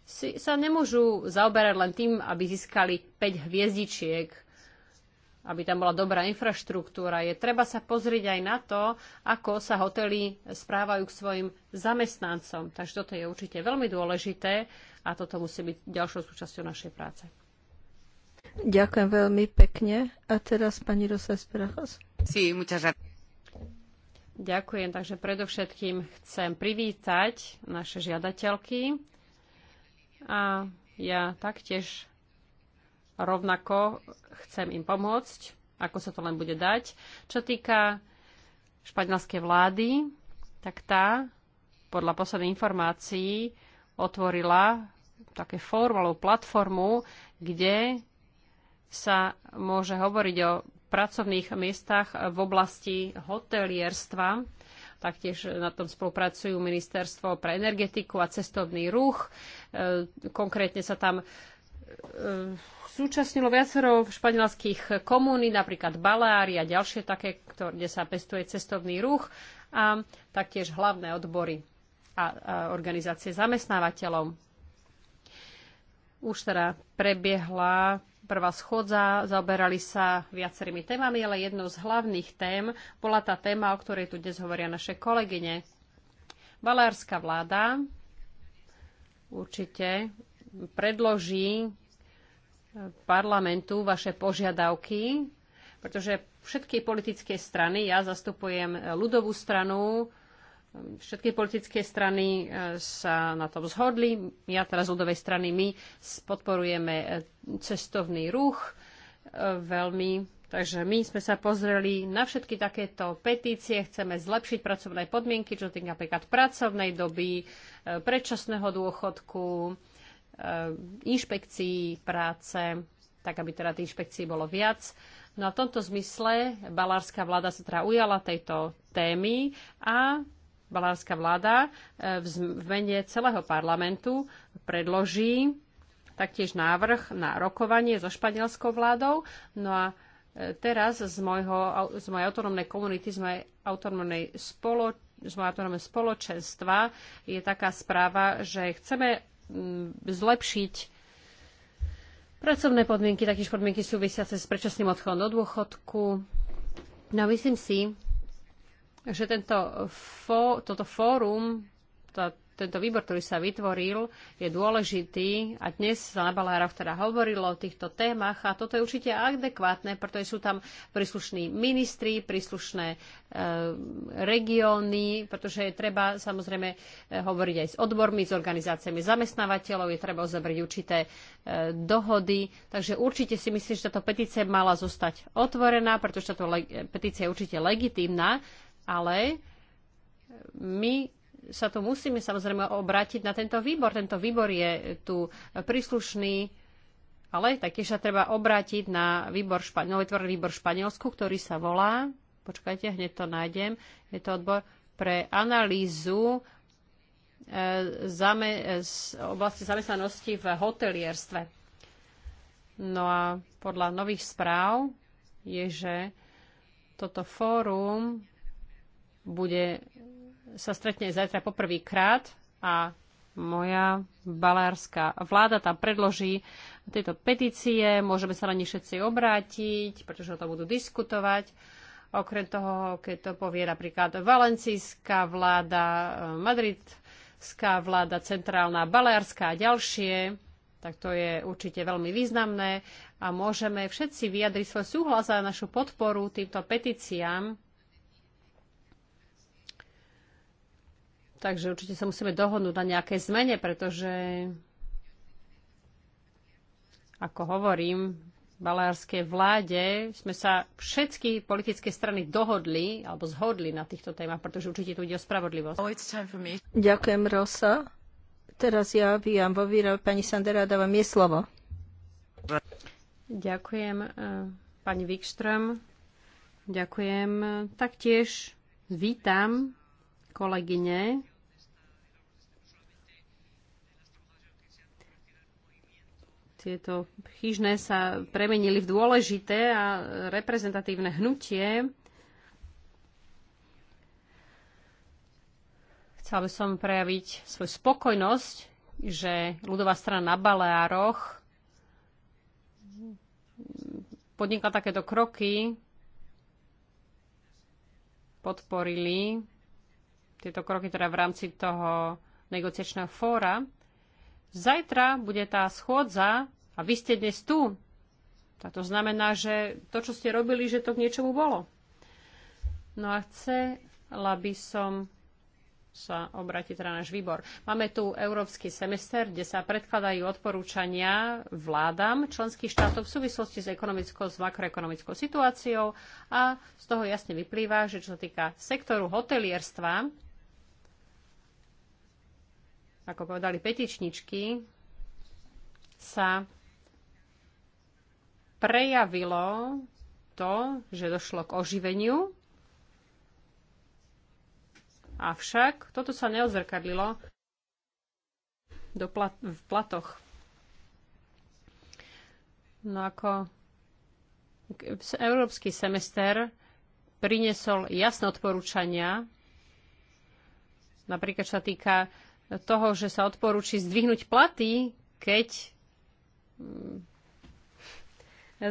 si, sa nemôžu zaoberať len tým, aby získali 5 hviezdičiek aby tam bola dobrá infraštruktúra. Je treba sa pozrieť aj na to, ako sa hotely správajú k svojim zamestnancom. Takže toto je určite veľmi dôležité a toto musí byť ďalšou súčasťou našej práce. Ďakujem veľmi pekne. A teraz pani Rosa Sprachos. Sí, Ďakujem. Takže predovšetkým chcem privítať naše žiadateľky. A ja taktiež rovnako chcem im pomôcť, ako sa to len bude dať. Čo týka španielskej vlády, tak tá podľa posledných informácií otvorila také fórum alebo platformu, kde sa môže hovoriť o pracovných miestach v oblasti hotelierstva. Taktiež na tom spolupracujú Ministerstvo pre energetiku a cestovný ruch. E, konkrétne sa tam súčasnilo e, viacero španielských komúny, napríklad Baleári a ďalšie také, kde sa pestuje cestovný ruch a taktiež hlavné odbory a, a organizácie zamestnávateľov. Už teda prebiehla prvá schodza, zaoberali sa viacerými témami, ale jednou z hlavných tém bola tá téma, o ktorej tu dnes hovoria naše kolegyne. Balárska vláda určite predloží parlamentu vaše požiadavky, pretože všetky politické strany, ja zastupujem ľudovú stranu, všetky politické strany e, sa na tom zhodli. Ja teraz z ľudovej strany, my podporujeme e, cestovný ruch e, veľmi. Takže my sme sa pozreli na všetky takéto petície, chceme zlepšiť pracovné podmienky, čo týka napríklad pracovnej doby, predčasného dôchodku, Eh, inšpekcií práce, tak aby teda tých inšpekcií bolo viac. No a v tomto zmysle balárska vláda sa teda ujala tejto témy a balárska vláda eh, v mene celého parlamentu predloží taktiež návrh na rokovanie so španielskou vládou. No a eh, teraz z, mojho, z mojej autonómnej komunity, z mojej autonómnej spoločnosti, z mojej spoločenstva je taká správa, že chceme Mm, zlepšiť pracovné podmienky, takéž podmienky súvisiace s predčasným odchodom do dôchodku. No myslím si, že tento fó, toto fórum, tá, tento výbor, ktorý sa vytvoril, je dôležitý a dnes sa na Balárov teda hovorilo o týchto témach a toto je určite adekvátne, pretože sú tam príslušní ministri, príslušné e, regióny, pretože je treba samozrejme e, hovoriť aj s odbormi, s organizáciami zamestnávateľov, je treba uzavrieť určité e, dohody. Takže určite si myslím, že táto petícia mala zostať otvorená, pretože táto petícia je určite legitímna, ale my sa tu musíme samozrejme obrátiť na tento výbor. Tento výbor je tu príslušný, ale taktiež sa treba obrátiť na výbor Španiel, výbor Španielsku, ktorý sa volá, počkajte, hneď to nájdem, je to odbor pre analýzu e, zame, z oblasti zamestnanosti v hotelierstve. No a podľa nových správ je, že toto fórum bude sa stretne zajtra poprvýkrát a moja balárska vláda tam predloží tieto petície, môžeme sa na nich všetci obrátiť, pretože o tom budú diskutovať. Okrem toho, keď to povie napríklad valencijská vláda, eh, madridská vláda, centrálna balárska a ďalšie, tak to je určite veľmi významné a môžeme všetci vyjadriť svoj súhlas a našu podporu týmto petíciám, Takže určite sa musíme dohodnúť na nejakej zmene, pretože ako hovorím, v balárskej vláde sme sa všetky politické strany dohodli alebo zhodli na týchto témach, pretože určite tu ide o spravodlivosť. Oh, Ďakujem, Rosa. Teraz ja vyjam vo Pani Sandera, dávam je slovo. Ďakujem, eh, pani Wikström. Ďakujem. Taktiež vítam kolegyne. Tieto chyžné sa premenili v dôležité a reprezentatívne hnutie. Chcela by som prejaviť svoju spokojnosť, že ľudová strana na Baleároch podnikla takéto kroky, podporili tieto kroky teda v rámci toho negociačného fóra. Zajtra bude tá schôdza a vy ste dnes tu. A to znamená, že to, čo ste robili, že to k niečomu bolo. No a chcela by som sa obrátiť teda náš výbor. Máme tu európsky semester, kde sa predkladajú odporúčania vládam členských štátov v súvislosti s ekonomickou, s makroekonomickou situáciou a z toho jasne vyplýva, že čo sa týka sektoru hotelierstva, ako povedali petičničky, sa prejavilo to, že došlo k oživeniu, avšak toto sa neozrkadlilo do plat- v platoch. No ako európsky semester priniesol jasné odporúčania, napríklad čo sa týka toho, že sa odporúči zdvihnúť platy, keď mm,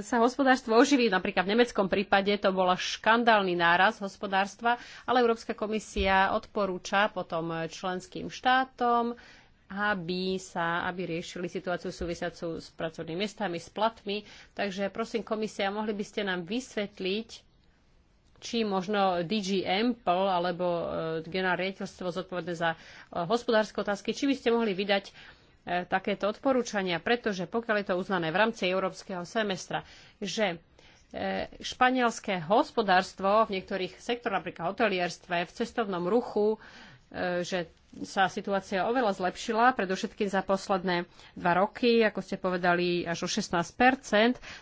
sa hospodárstvo oživí. Napríklad v nemeckom prípade to bola škandálny náraz hospodárstva, ale Európska komisia odporúča potom členským štátom, aby, sa, aby riešili situáciu súvisiacu s pracovnými miestami, s platmi. Takže prosím komisia, mohli by ste nám vysvetliť, či možno DG Ample alebo e, generálne riaditeľstvo zodpovedné za e, hospodárske otázky, či by ste mohli vydať e, takéto odporúčania, pretože pokiaľ je to uznané v rámci európskeho semestra, že španielské hospodárstvo v niektorých sektoroch, napríklad hotelierstve, v cestovnom ruchu, že sa situácia oveľa zlepšila, predovšetkým za posledné dva roky, ako ste povedali, až o 16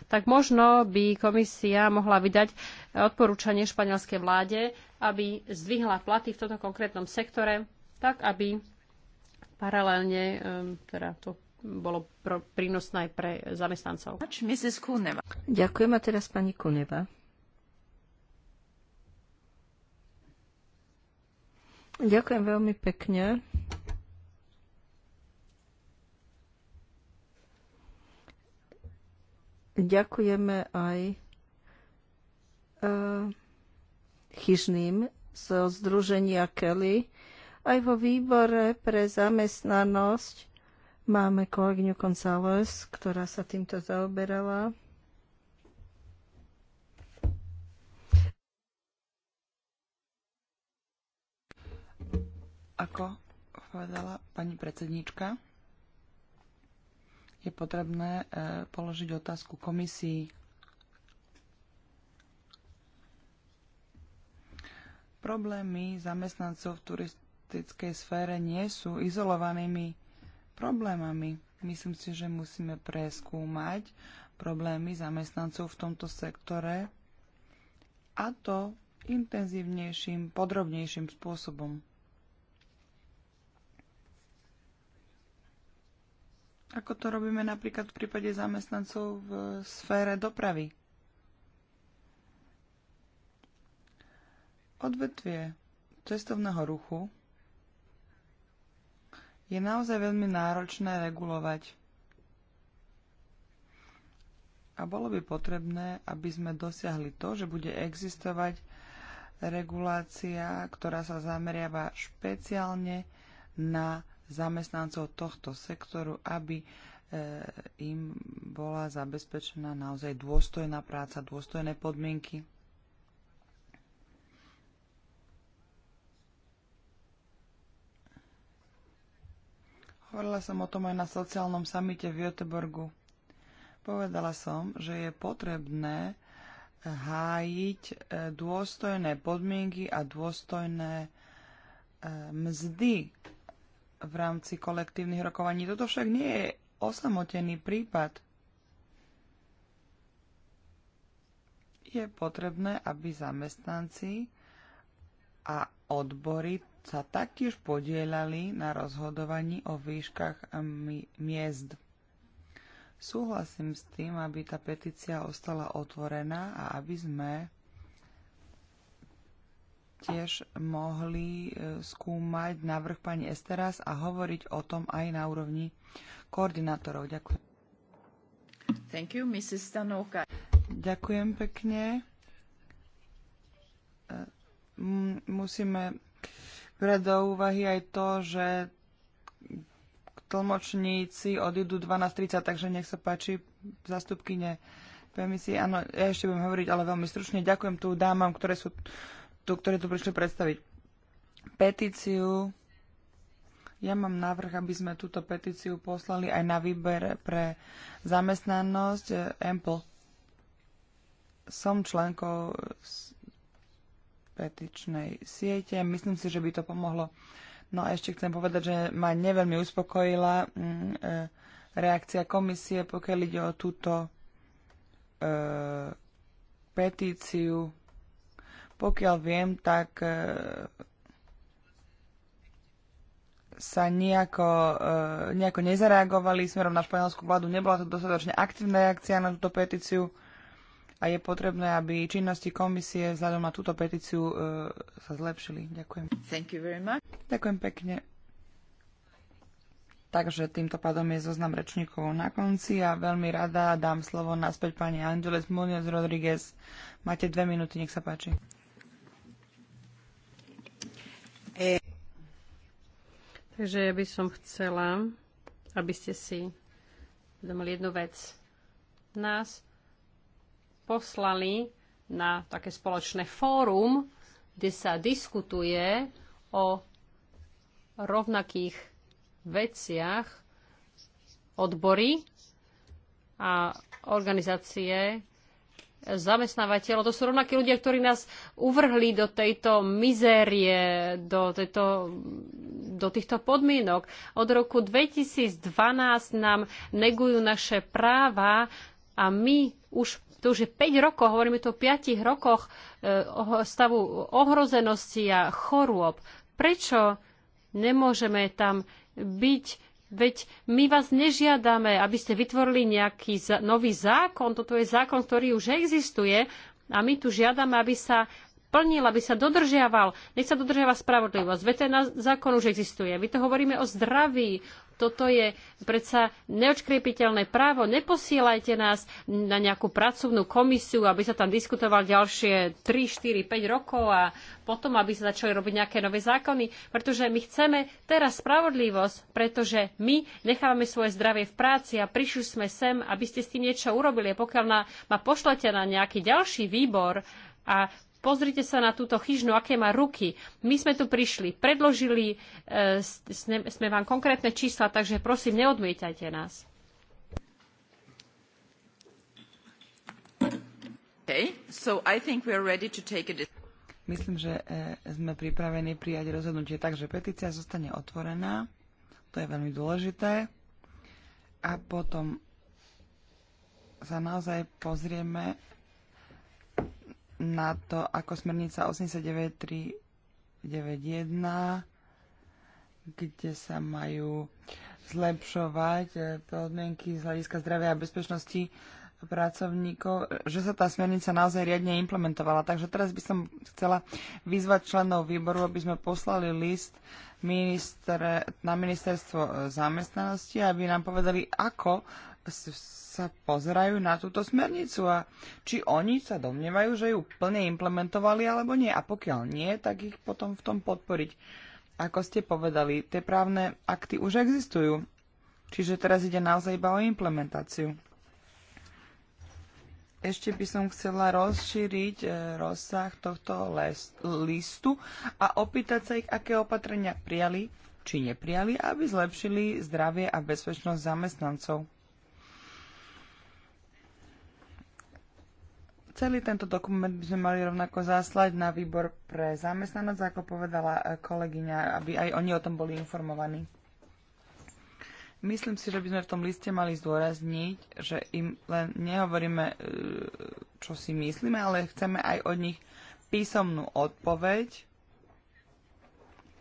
tak možno by komisia mohla vydať odporúčanie španielskej vláde, aby zdvihla platy v tomto konkrétnom sektore, tak aby paralelne teda to bolo prínosné aj pre zamestnancov. Ďakujem a teraz pani Kuneva. Ďakujem veľmi pekne. Ďakujeme aj uh, chyžným zo Združenia Kelly. Aj vo výbore pre zamestnanosť máme kolegyňu González, ktorá sa týmto zaoberala. Ako povedala pani predsedníčka, je potrebné e, položiť otázku komisii. Problémy zamestnancov v turistickej sfére nie sú izolovanými problémami. Myslím si, že musíme preskúmať problémy zamestnancov v tomto sektore a to intenzívnejším, podrobnejším spôsobom. Ako to robíme napríklad v prípade zamestnancov v sfére dopravy. Odvetvie cestovného ruchu je naozaj veľmi náročné regulovať. A bolo by potrebné, aby sme dosiahli to, že bude existovať regulácia, ktorá sa zameriava špeciálne na zamestnancov tohto sektoru, aby e, im bola zabezpečená naozaj dôstojná práca, dôstojné podmienky. Hovorila som o tom aj na sociálnom samite v Göteborgu. Povedala som, že je potrebné e, hájiť e, dôstojné podmienky a dôstojné mzdy v rámci kolektívnych rokovaní. Toto však nie je osamotený prípad. Je potrebné, aby zamestnanci a odbory sa taktiež podielali na rozhodovaní o výškach miest. Súhlasím s tým, aby tá petícia ostala otvorená a aby sme tiež mohli e, skúmať návrh pani Esteras a hovoriť o tom aj na úrovni koordinátorov. Ďakujem. Thank you, Mrs. Stanoka. Ďakujem pekne. E, musíme brať do úvahy aj to, že tlmočníci odídu 12.30, takže nech sa páči zastupkyne Áno, ja ešte budem hovoriť, ale veľmi stručne. Ďakujem tu dámam, ktoré sú tu, ktoré tu prišli predstaviť petíciu. Ja mám návrh, aby sme túto petíciu poslali aj na výber pre zamestnanosť Ample. Som členkou petičnej siete. Myslím si, že by to pomohlo. No a ešte chcem povedať, že ma neveľmi uspokojila mm, e, reakcia komisie, pokiaľ ide o túto e, petíciu pokiaľ viem, tak e, sa nejako, e, nejako nezareagovali smerom na španielskú vládu. Nebola to dostatočne aktívna reakcia na túto petíciu a je potrebné, aby činnosti komisie vzhľadom na túto petíciu e, sa zlepšili. Ďakujem. Thank you very much. Ďakujem pekne. Takže týmto pádom je zoznam rečníkov na konci a veľmi rada dám slovo naspäť pani Angeles Munoz Rodriguez. Máte dve minúty, nech sa páči. Takže ja by som chcela, aby ste si uvedomili jednu vec. Nás poslali na také spoločné fórum, kde sa diskutuje o rovnakých veciach odbory a organizácie zamestnávateľov. To sú rovnakí ľudia, ktorí nás uvrhli do tejto mizérie, do, tejto, do týchto podmienok. Od roku 2012 nám negujú naše práva a my už to už je 5 rokov, hovoríme tu o 5 rokoch eh, stavu ohrozenosti a chorôb. Prečo nemôžeme tam byť Veď my vás nežiadame, aby ste vytvorili nejaký nový zákon. Toto je zákon, ktorý už existuje. A my tu žiadame, aby sa plnil, aby sa dodržiaval. Nech sa dodržiava spravodlivosť. Veď ten zákon už existuje. My to hovoríme o zdraví, toto je predsa neočkriepiteľné právo. Neposielajte nás na nejakú pracovnú komisiu, aby sa tam diskutoval ďalšie 3, 4, 5 rokov a potom, aby sa začali robiť nejaké nové zákony, pretože my chceme teraz spravodlivosť, pretože my nechávame svoje zdravie v práci a prišli sme sem, aby ste s tým niečo urobili. a Pokiaľ na, ma pošlete na nejaký ďalší výbor, a Pozrite sa na túto chyžnu, no aké má ruky. My sme tu prišli, predložili, e, sme, vám konkrétne čísla, takže prosím, neodmietajte nás. Okay, so I think we are ready to take a Myslím, že e, sme pripravení prijať rozhodnutie tak, že petícia zostane otvorená. To je veľmi dôležité. A potom sa naozaj pozrieme na to, ako smernica 89391, kde sa majú zlepšovať e, podmienky z hľadiska zdravia a bezpečnosti pracovníkov, že sa tá smernica naozaj riadne implementovala. Takže teraz by som chcela vyzvať členov výboru, aby sme poslali list minister, na ministerstvo e, zamestnanosti, aby nám povedali, ako sa pozerajú na túto smernicu a či oni sa domnievajú, že ju plne implementovali alebo nie. A pokiaľ nie, tak ich potom v tom podporiť. Ako ste povedali, tie právne akty už existujú. Čiže teraz ide naozaj iba o implementáciu. Ešte by som chcela rozšíriť e, rozsah tohto listu a opýtať sa ich, aké opatrenia prijali či neprijali, aby zlepšili zdravie a bezpečnosť zamestnancov. Celý tento dokument by sme mali rovnako zaslať na výbor pre zamestnanosť, ako povedala e, kolegyňa, aby aj oni o tom boli informovaní. Myslím si, že by sme v tom liste mali zdôrazniť, že im len nehovoríme, e, čo si myslíme, ale chceme aj od nich písomnú odpoveď,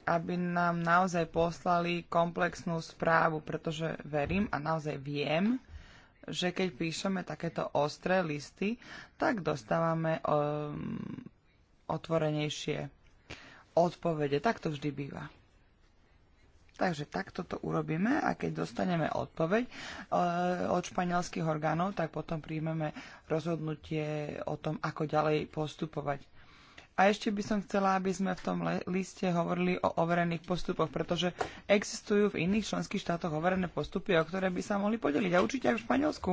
aby nám naozaj poslali komplexnú správu, pretože verím a naozaj viem, že keď píšeme takéto ostré listy, tak dostávame um, otvorenejšie odpovede. Tak to vždy býva. Takže takto to urobíme a keď dostaneme odpoveď eh, od španielských orgánov, tak potom príjmeme rozhodnutie o tom, ako ďalej postupovať. A ešte by som chcela, aby sme v tom liste hovorili o overených postupoch, pretože existujú v iných členských štátoch overené postupy, o ktoré by sa mohli podeliť. A určite aj v Španielsku.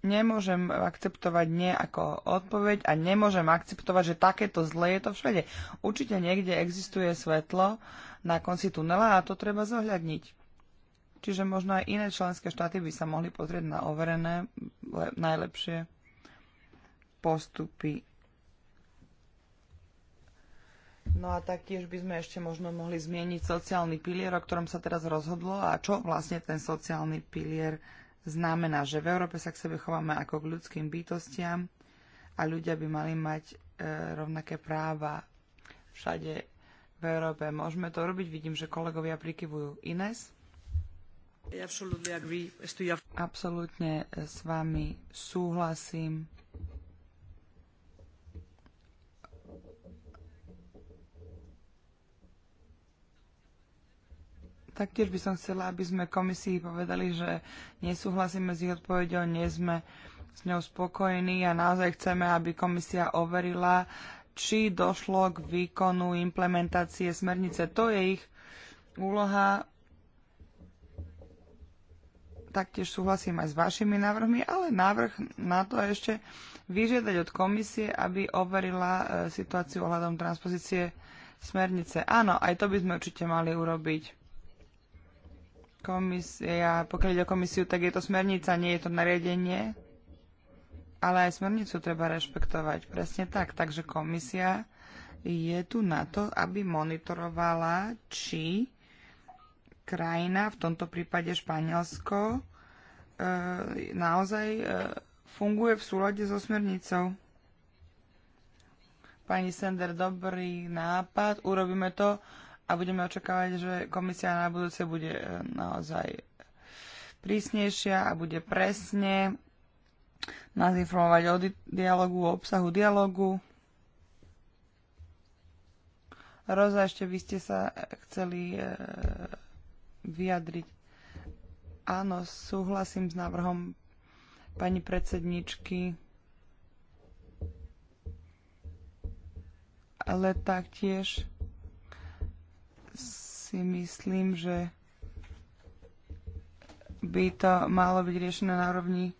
Nemôžem akceptovať nie ako odpoveď a nemôžem akceptovať, že takéto zle je to všade. Určite niekde existuje svetlo na konci tunela a to treba zohľadniť. Čiže možno aj iné členské štáty by sa mohli pozrieť na overené najlepšie postupy. No a taktiež by sme ešte možno mohli zmieniť sociálny pilier, o ktorom sa teraz rozhodlo a čo vlastne ten sociálny pilier znamená, že v Európe sa k sebe chováme ako k ľudským bytostiam a ľudia by mali mať e, rovnaké práva všade v Európe. Môžeme to robiť, vidím, že kolegovia prikyvujú. Ines? Absolutne s vami súhlasím. Taktiež by som chcela, aby sme komisii povedali, že nesúhlasíme s ich odpovedou, nie sme s ňou spokojní a naozaj chceme, aby komisia overila, či došlo k výkonu implementácie smernice. To je ich úloha. Taktiež súhlasím aj s vašimi návrhmi, ale návrh na to ešte vyžiadať od komisie, aby overila e, situáciu ohľadom transpozície smernice. Áno, aj to by sme určite mali urobiť komisia, pokiaľ ide o komisiu, tak je to smernica, nie je to nariadenie. Ale aj smernicu treba rešpektovať. Presne tak. Takže komisia je tu na to, aby monitorovala, či krajina, v tomto prípade Španielsko, e, naozaj e, funguje v súlade so smernicou. Pani Sender, dobrý nápad. Urobíme to a budeme očakávať, že komisia na budúce bude e, naozaj prísnejšia a bude presne nás informovať o di- dialogu, o obsahu dialogu. Roza, ešte by ste sa e, chceli e, vyjadriť. Áno, súhlasím s návrhom pani predsedničky, ale taktiež si myslím, že by to malo byť riešené na úrovni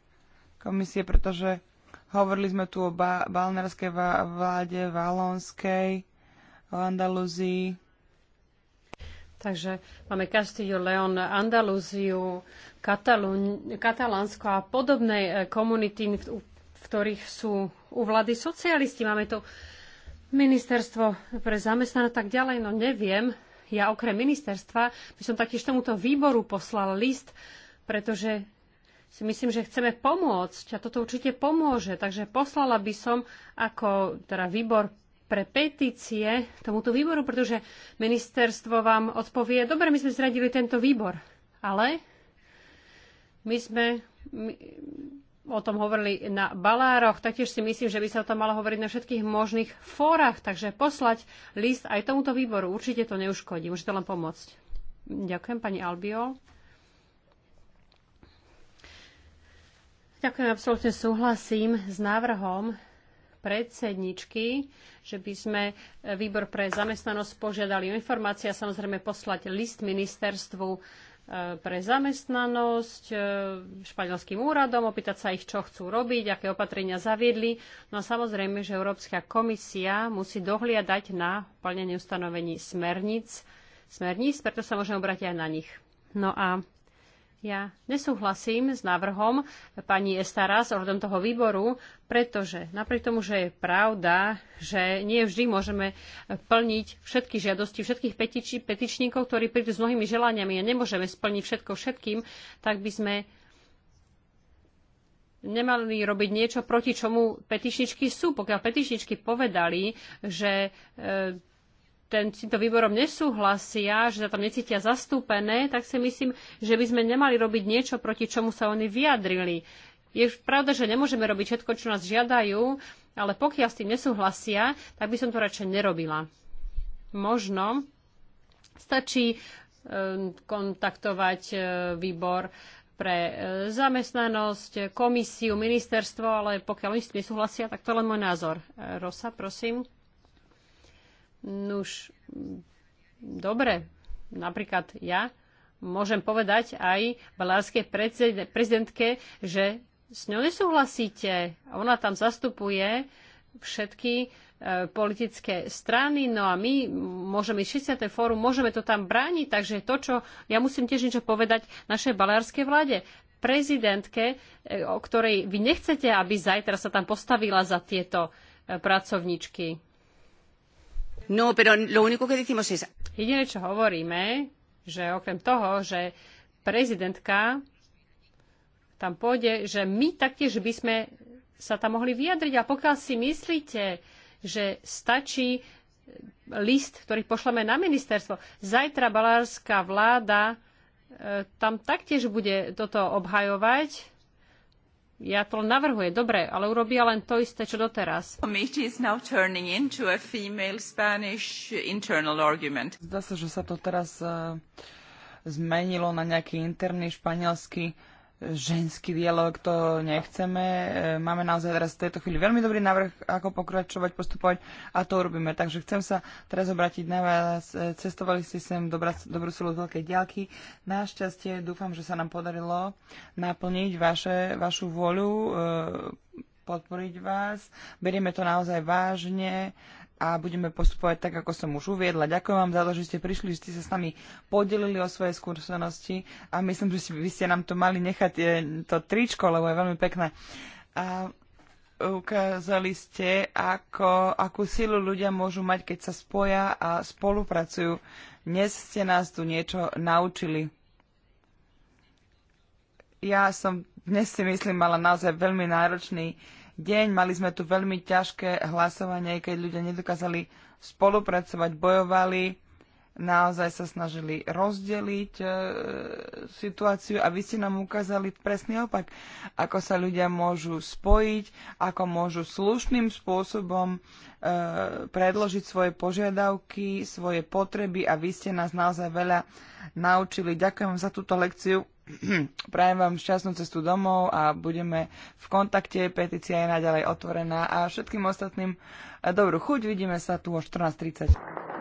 komisie, pretože hovorili sme tu o ba- balnerskej vláde, valonskej, o Andalúzii. Takže máme Castillo, Leon, Andalúziu, Katalánsko a podobné e, komunity, v ktorých sú u vlády socialisti. Máme tu ministerstvo pre zamestnané tak ďalej, no neviem, ja okrem ministerstva by som taktiež tomuto výboru poslal list, pretože si myslím, že chceme pomôcť a toto určite pomôže. Takže poslala by som ako teda výbor pre petície tomuto výboru, pretože ministerstvo vám odpovie, dobre, my sme zradili tento výbor, ale my sme, my, o tom hovorili na balároch, taktiež si myslím, že by sa o tom malo hovoriť na všetkých možných fórach, takže poslať list aj tomuto výboru. Určite to neuškodí, môže to len pomôcť. Ďakujem, pani Albiol. Ďakujem, absolútne súhlasím s návrhom predsedničky, že by sme výbor pre zamestnanosť požiadali informácie a samozrejme poslať list ministerstvu pre zamestnanosť, e, španielským úradom, opýtať sa ich, čo chcú robiť, aké opatrenia zaviedli. No a samozrejme, že Európska komisia musí dohliadať na plnenie ustanovení smerníc, smerníc, preto sa môžeme obrátiť aj na nich. No a ja nesúhlasím s návrhom pani Estara s ohľadom toho výboru, pretože napriek tomu, že je pravda, že nie vždy môžeme plniť všetky žiadosti všetkých petičníkov, ktorí prídu s mnohými želaniami a nemôžeme splniť všetko všetkým, tak by sme nemali robiť niečo, proti čomu petičničky sú. Pokiaľ petičničky povedali, že e, ten, týmto výborom nesúhlasia, že sa tam necítia zastúpené, tak si myslím, že by sme nemali robiť niečo, proti čomu sa oni vyjadrili. Je pravda, že nemôžeme robiť všetko, čo nás žiadajú, ale pokiaľ s tým nesúhlasia, tak by som to radšej nerobila. Možno stačí e, kontaktovať e, výbor pre e, zamestnanosť, komisiu, ministerstvo, ale pokiaľ oni s tým nesúhlasia, tak to len môj názor. Rosa, prosím. Nuž, dobre, napríklad ja môžem povedať aj balárskej prezidentke, že s ňou nesúhlasíte. Ona tam zastupuje všetky e, politické strany, no a my môžeme ísť 60. fórum, môžeme to tam brániť, takže to, čo ja musím tiež niečo povedať našej balárskej vláde, prezidentke, e, o ktorej vy nechcete, aby zajtra sa tam postavila za tieto e, pracovničky. No, pero lo único que decimos es... Jediné, čo hovoríme, že okrem toho, že prezidentka tam pôjde, že my taktiež by sme sa tam mohli vyjadriť. A pokiaľ si myslíte, že stačí list, ktorý pošleme na ministerstvo, zajtra balárska vláda e, tam taktiež bude toto obhajovať ja to navrhuje dobre, ale urobia len to isté, čo doteraz. Zdá sa, že sa to teraz eh, zmenilo na nejaký interný španielský ženský dialog, to nechceme. E, máme naozaj teraz v tejto chvíli veľmi dobrý návrh, ako pokračovať, postupovať a to urobíme. Takže chcem sa teraz obrátiť na vás. E, cestovali ste sem do Bruselu z veľkej diaľky. Našťastie dúfam, že sa nám podarilo naplniť vaše, vašu voľu, e, podporiť vás. Berieme to naozaj vážne a budeme postupovať tak, ako som už uviedla. Ďakujem vám za to, že ste prišli, že ste sa s nami podelili o svoje skúsenosti a myslím, že vy ste nám to mali nechať eh, to tričko, lebo je veľmi pekné. A ukázali ste, ako, akú silu ľudia môžu mať, keď sa spoja a spolupracujú. Dnes ste nás tu niečo naučili. Ja som dnes si myslím mala naozaj veľmi náročný deň. Mali sme tu veľmi ťažké hlasovanie, keď ľudia nedokázali spolupracovať, bojovali naozaj sa snažili rozdeliť e, situáciu a vy ste nám ukázali presný opak, ako sa ľudia môžu spojiť, ako môžu slušným spôsobom e, predložiť svoje požiadavky, svoje potreby a vy ste nás naozaj veľa naučili. Ďakujem za túto lekciu. (clears throat) Prajem vám šťastnú cestu domov a budeme v kontakte. Petícia je naďalej otvorená a všetkým ostatným e, dobrú chuť. Vidíme sa tu o 14.30.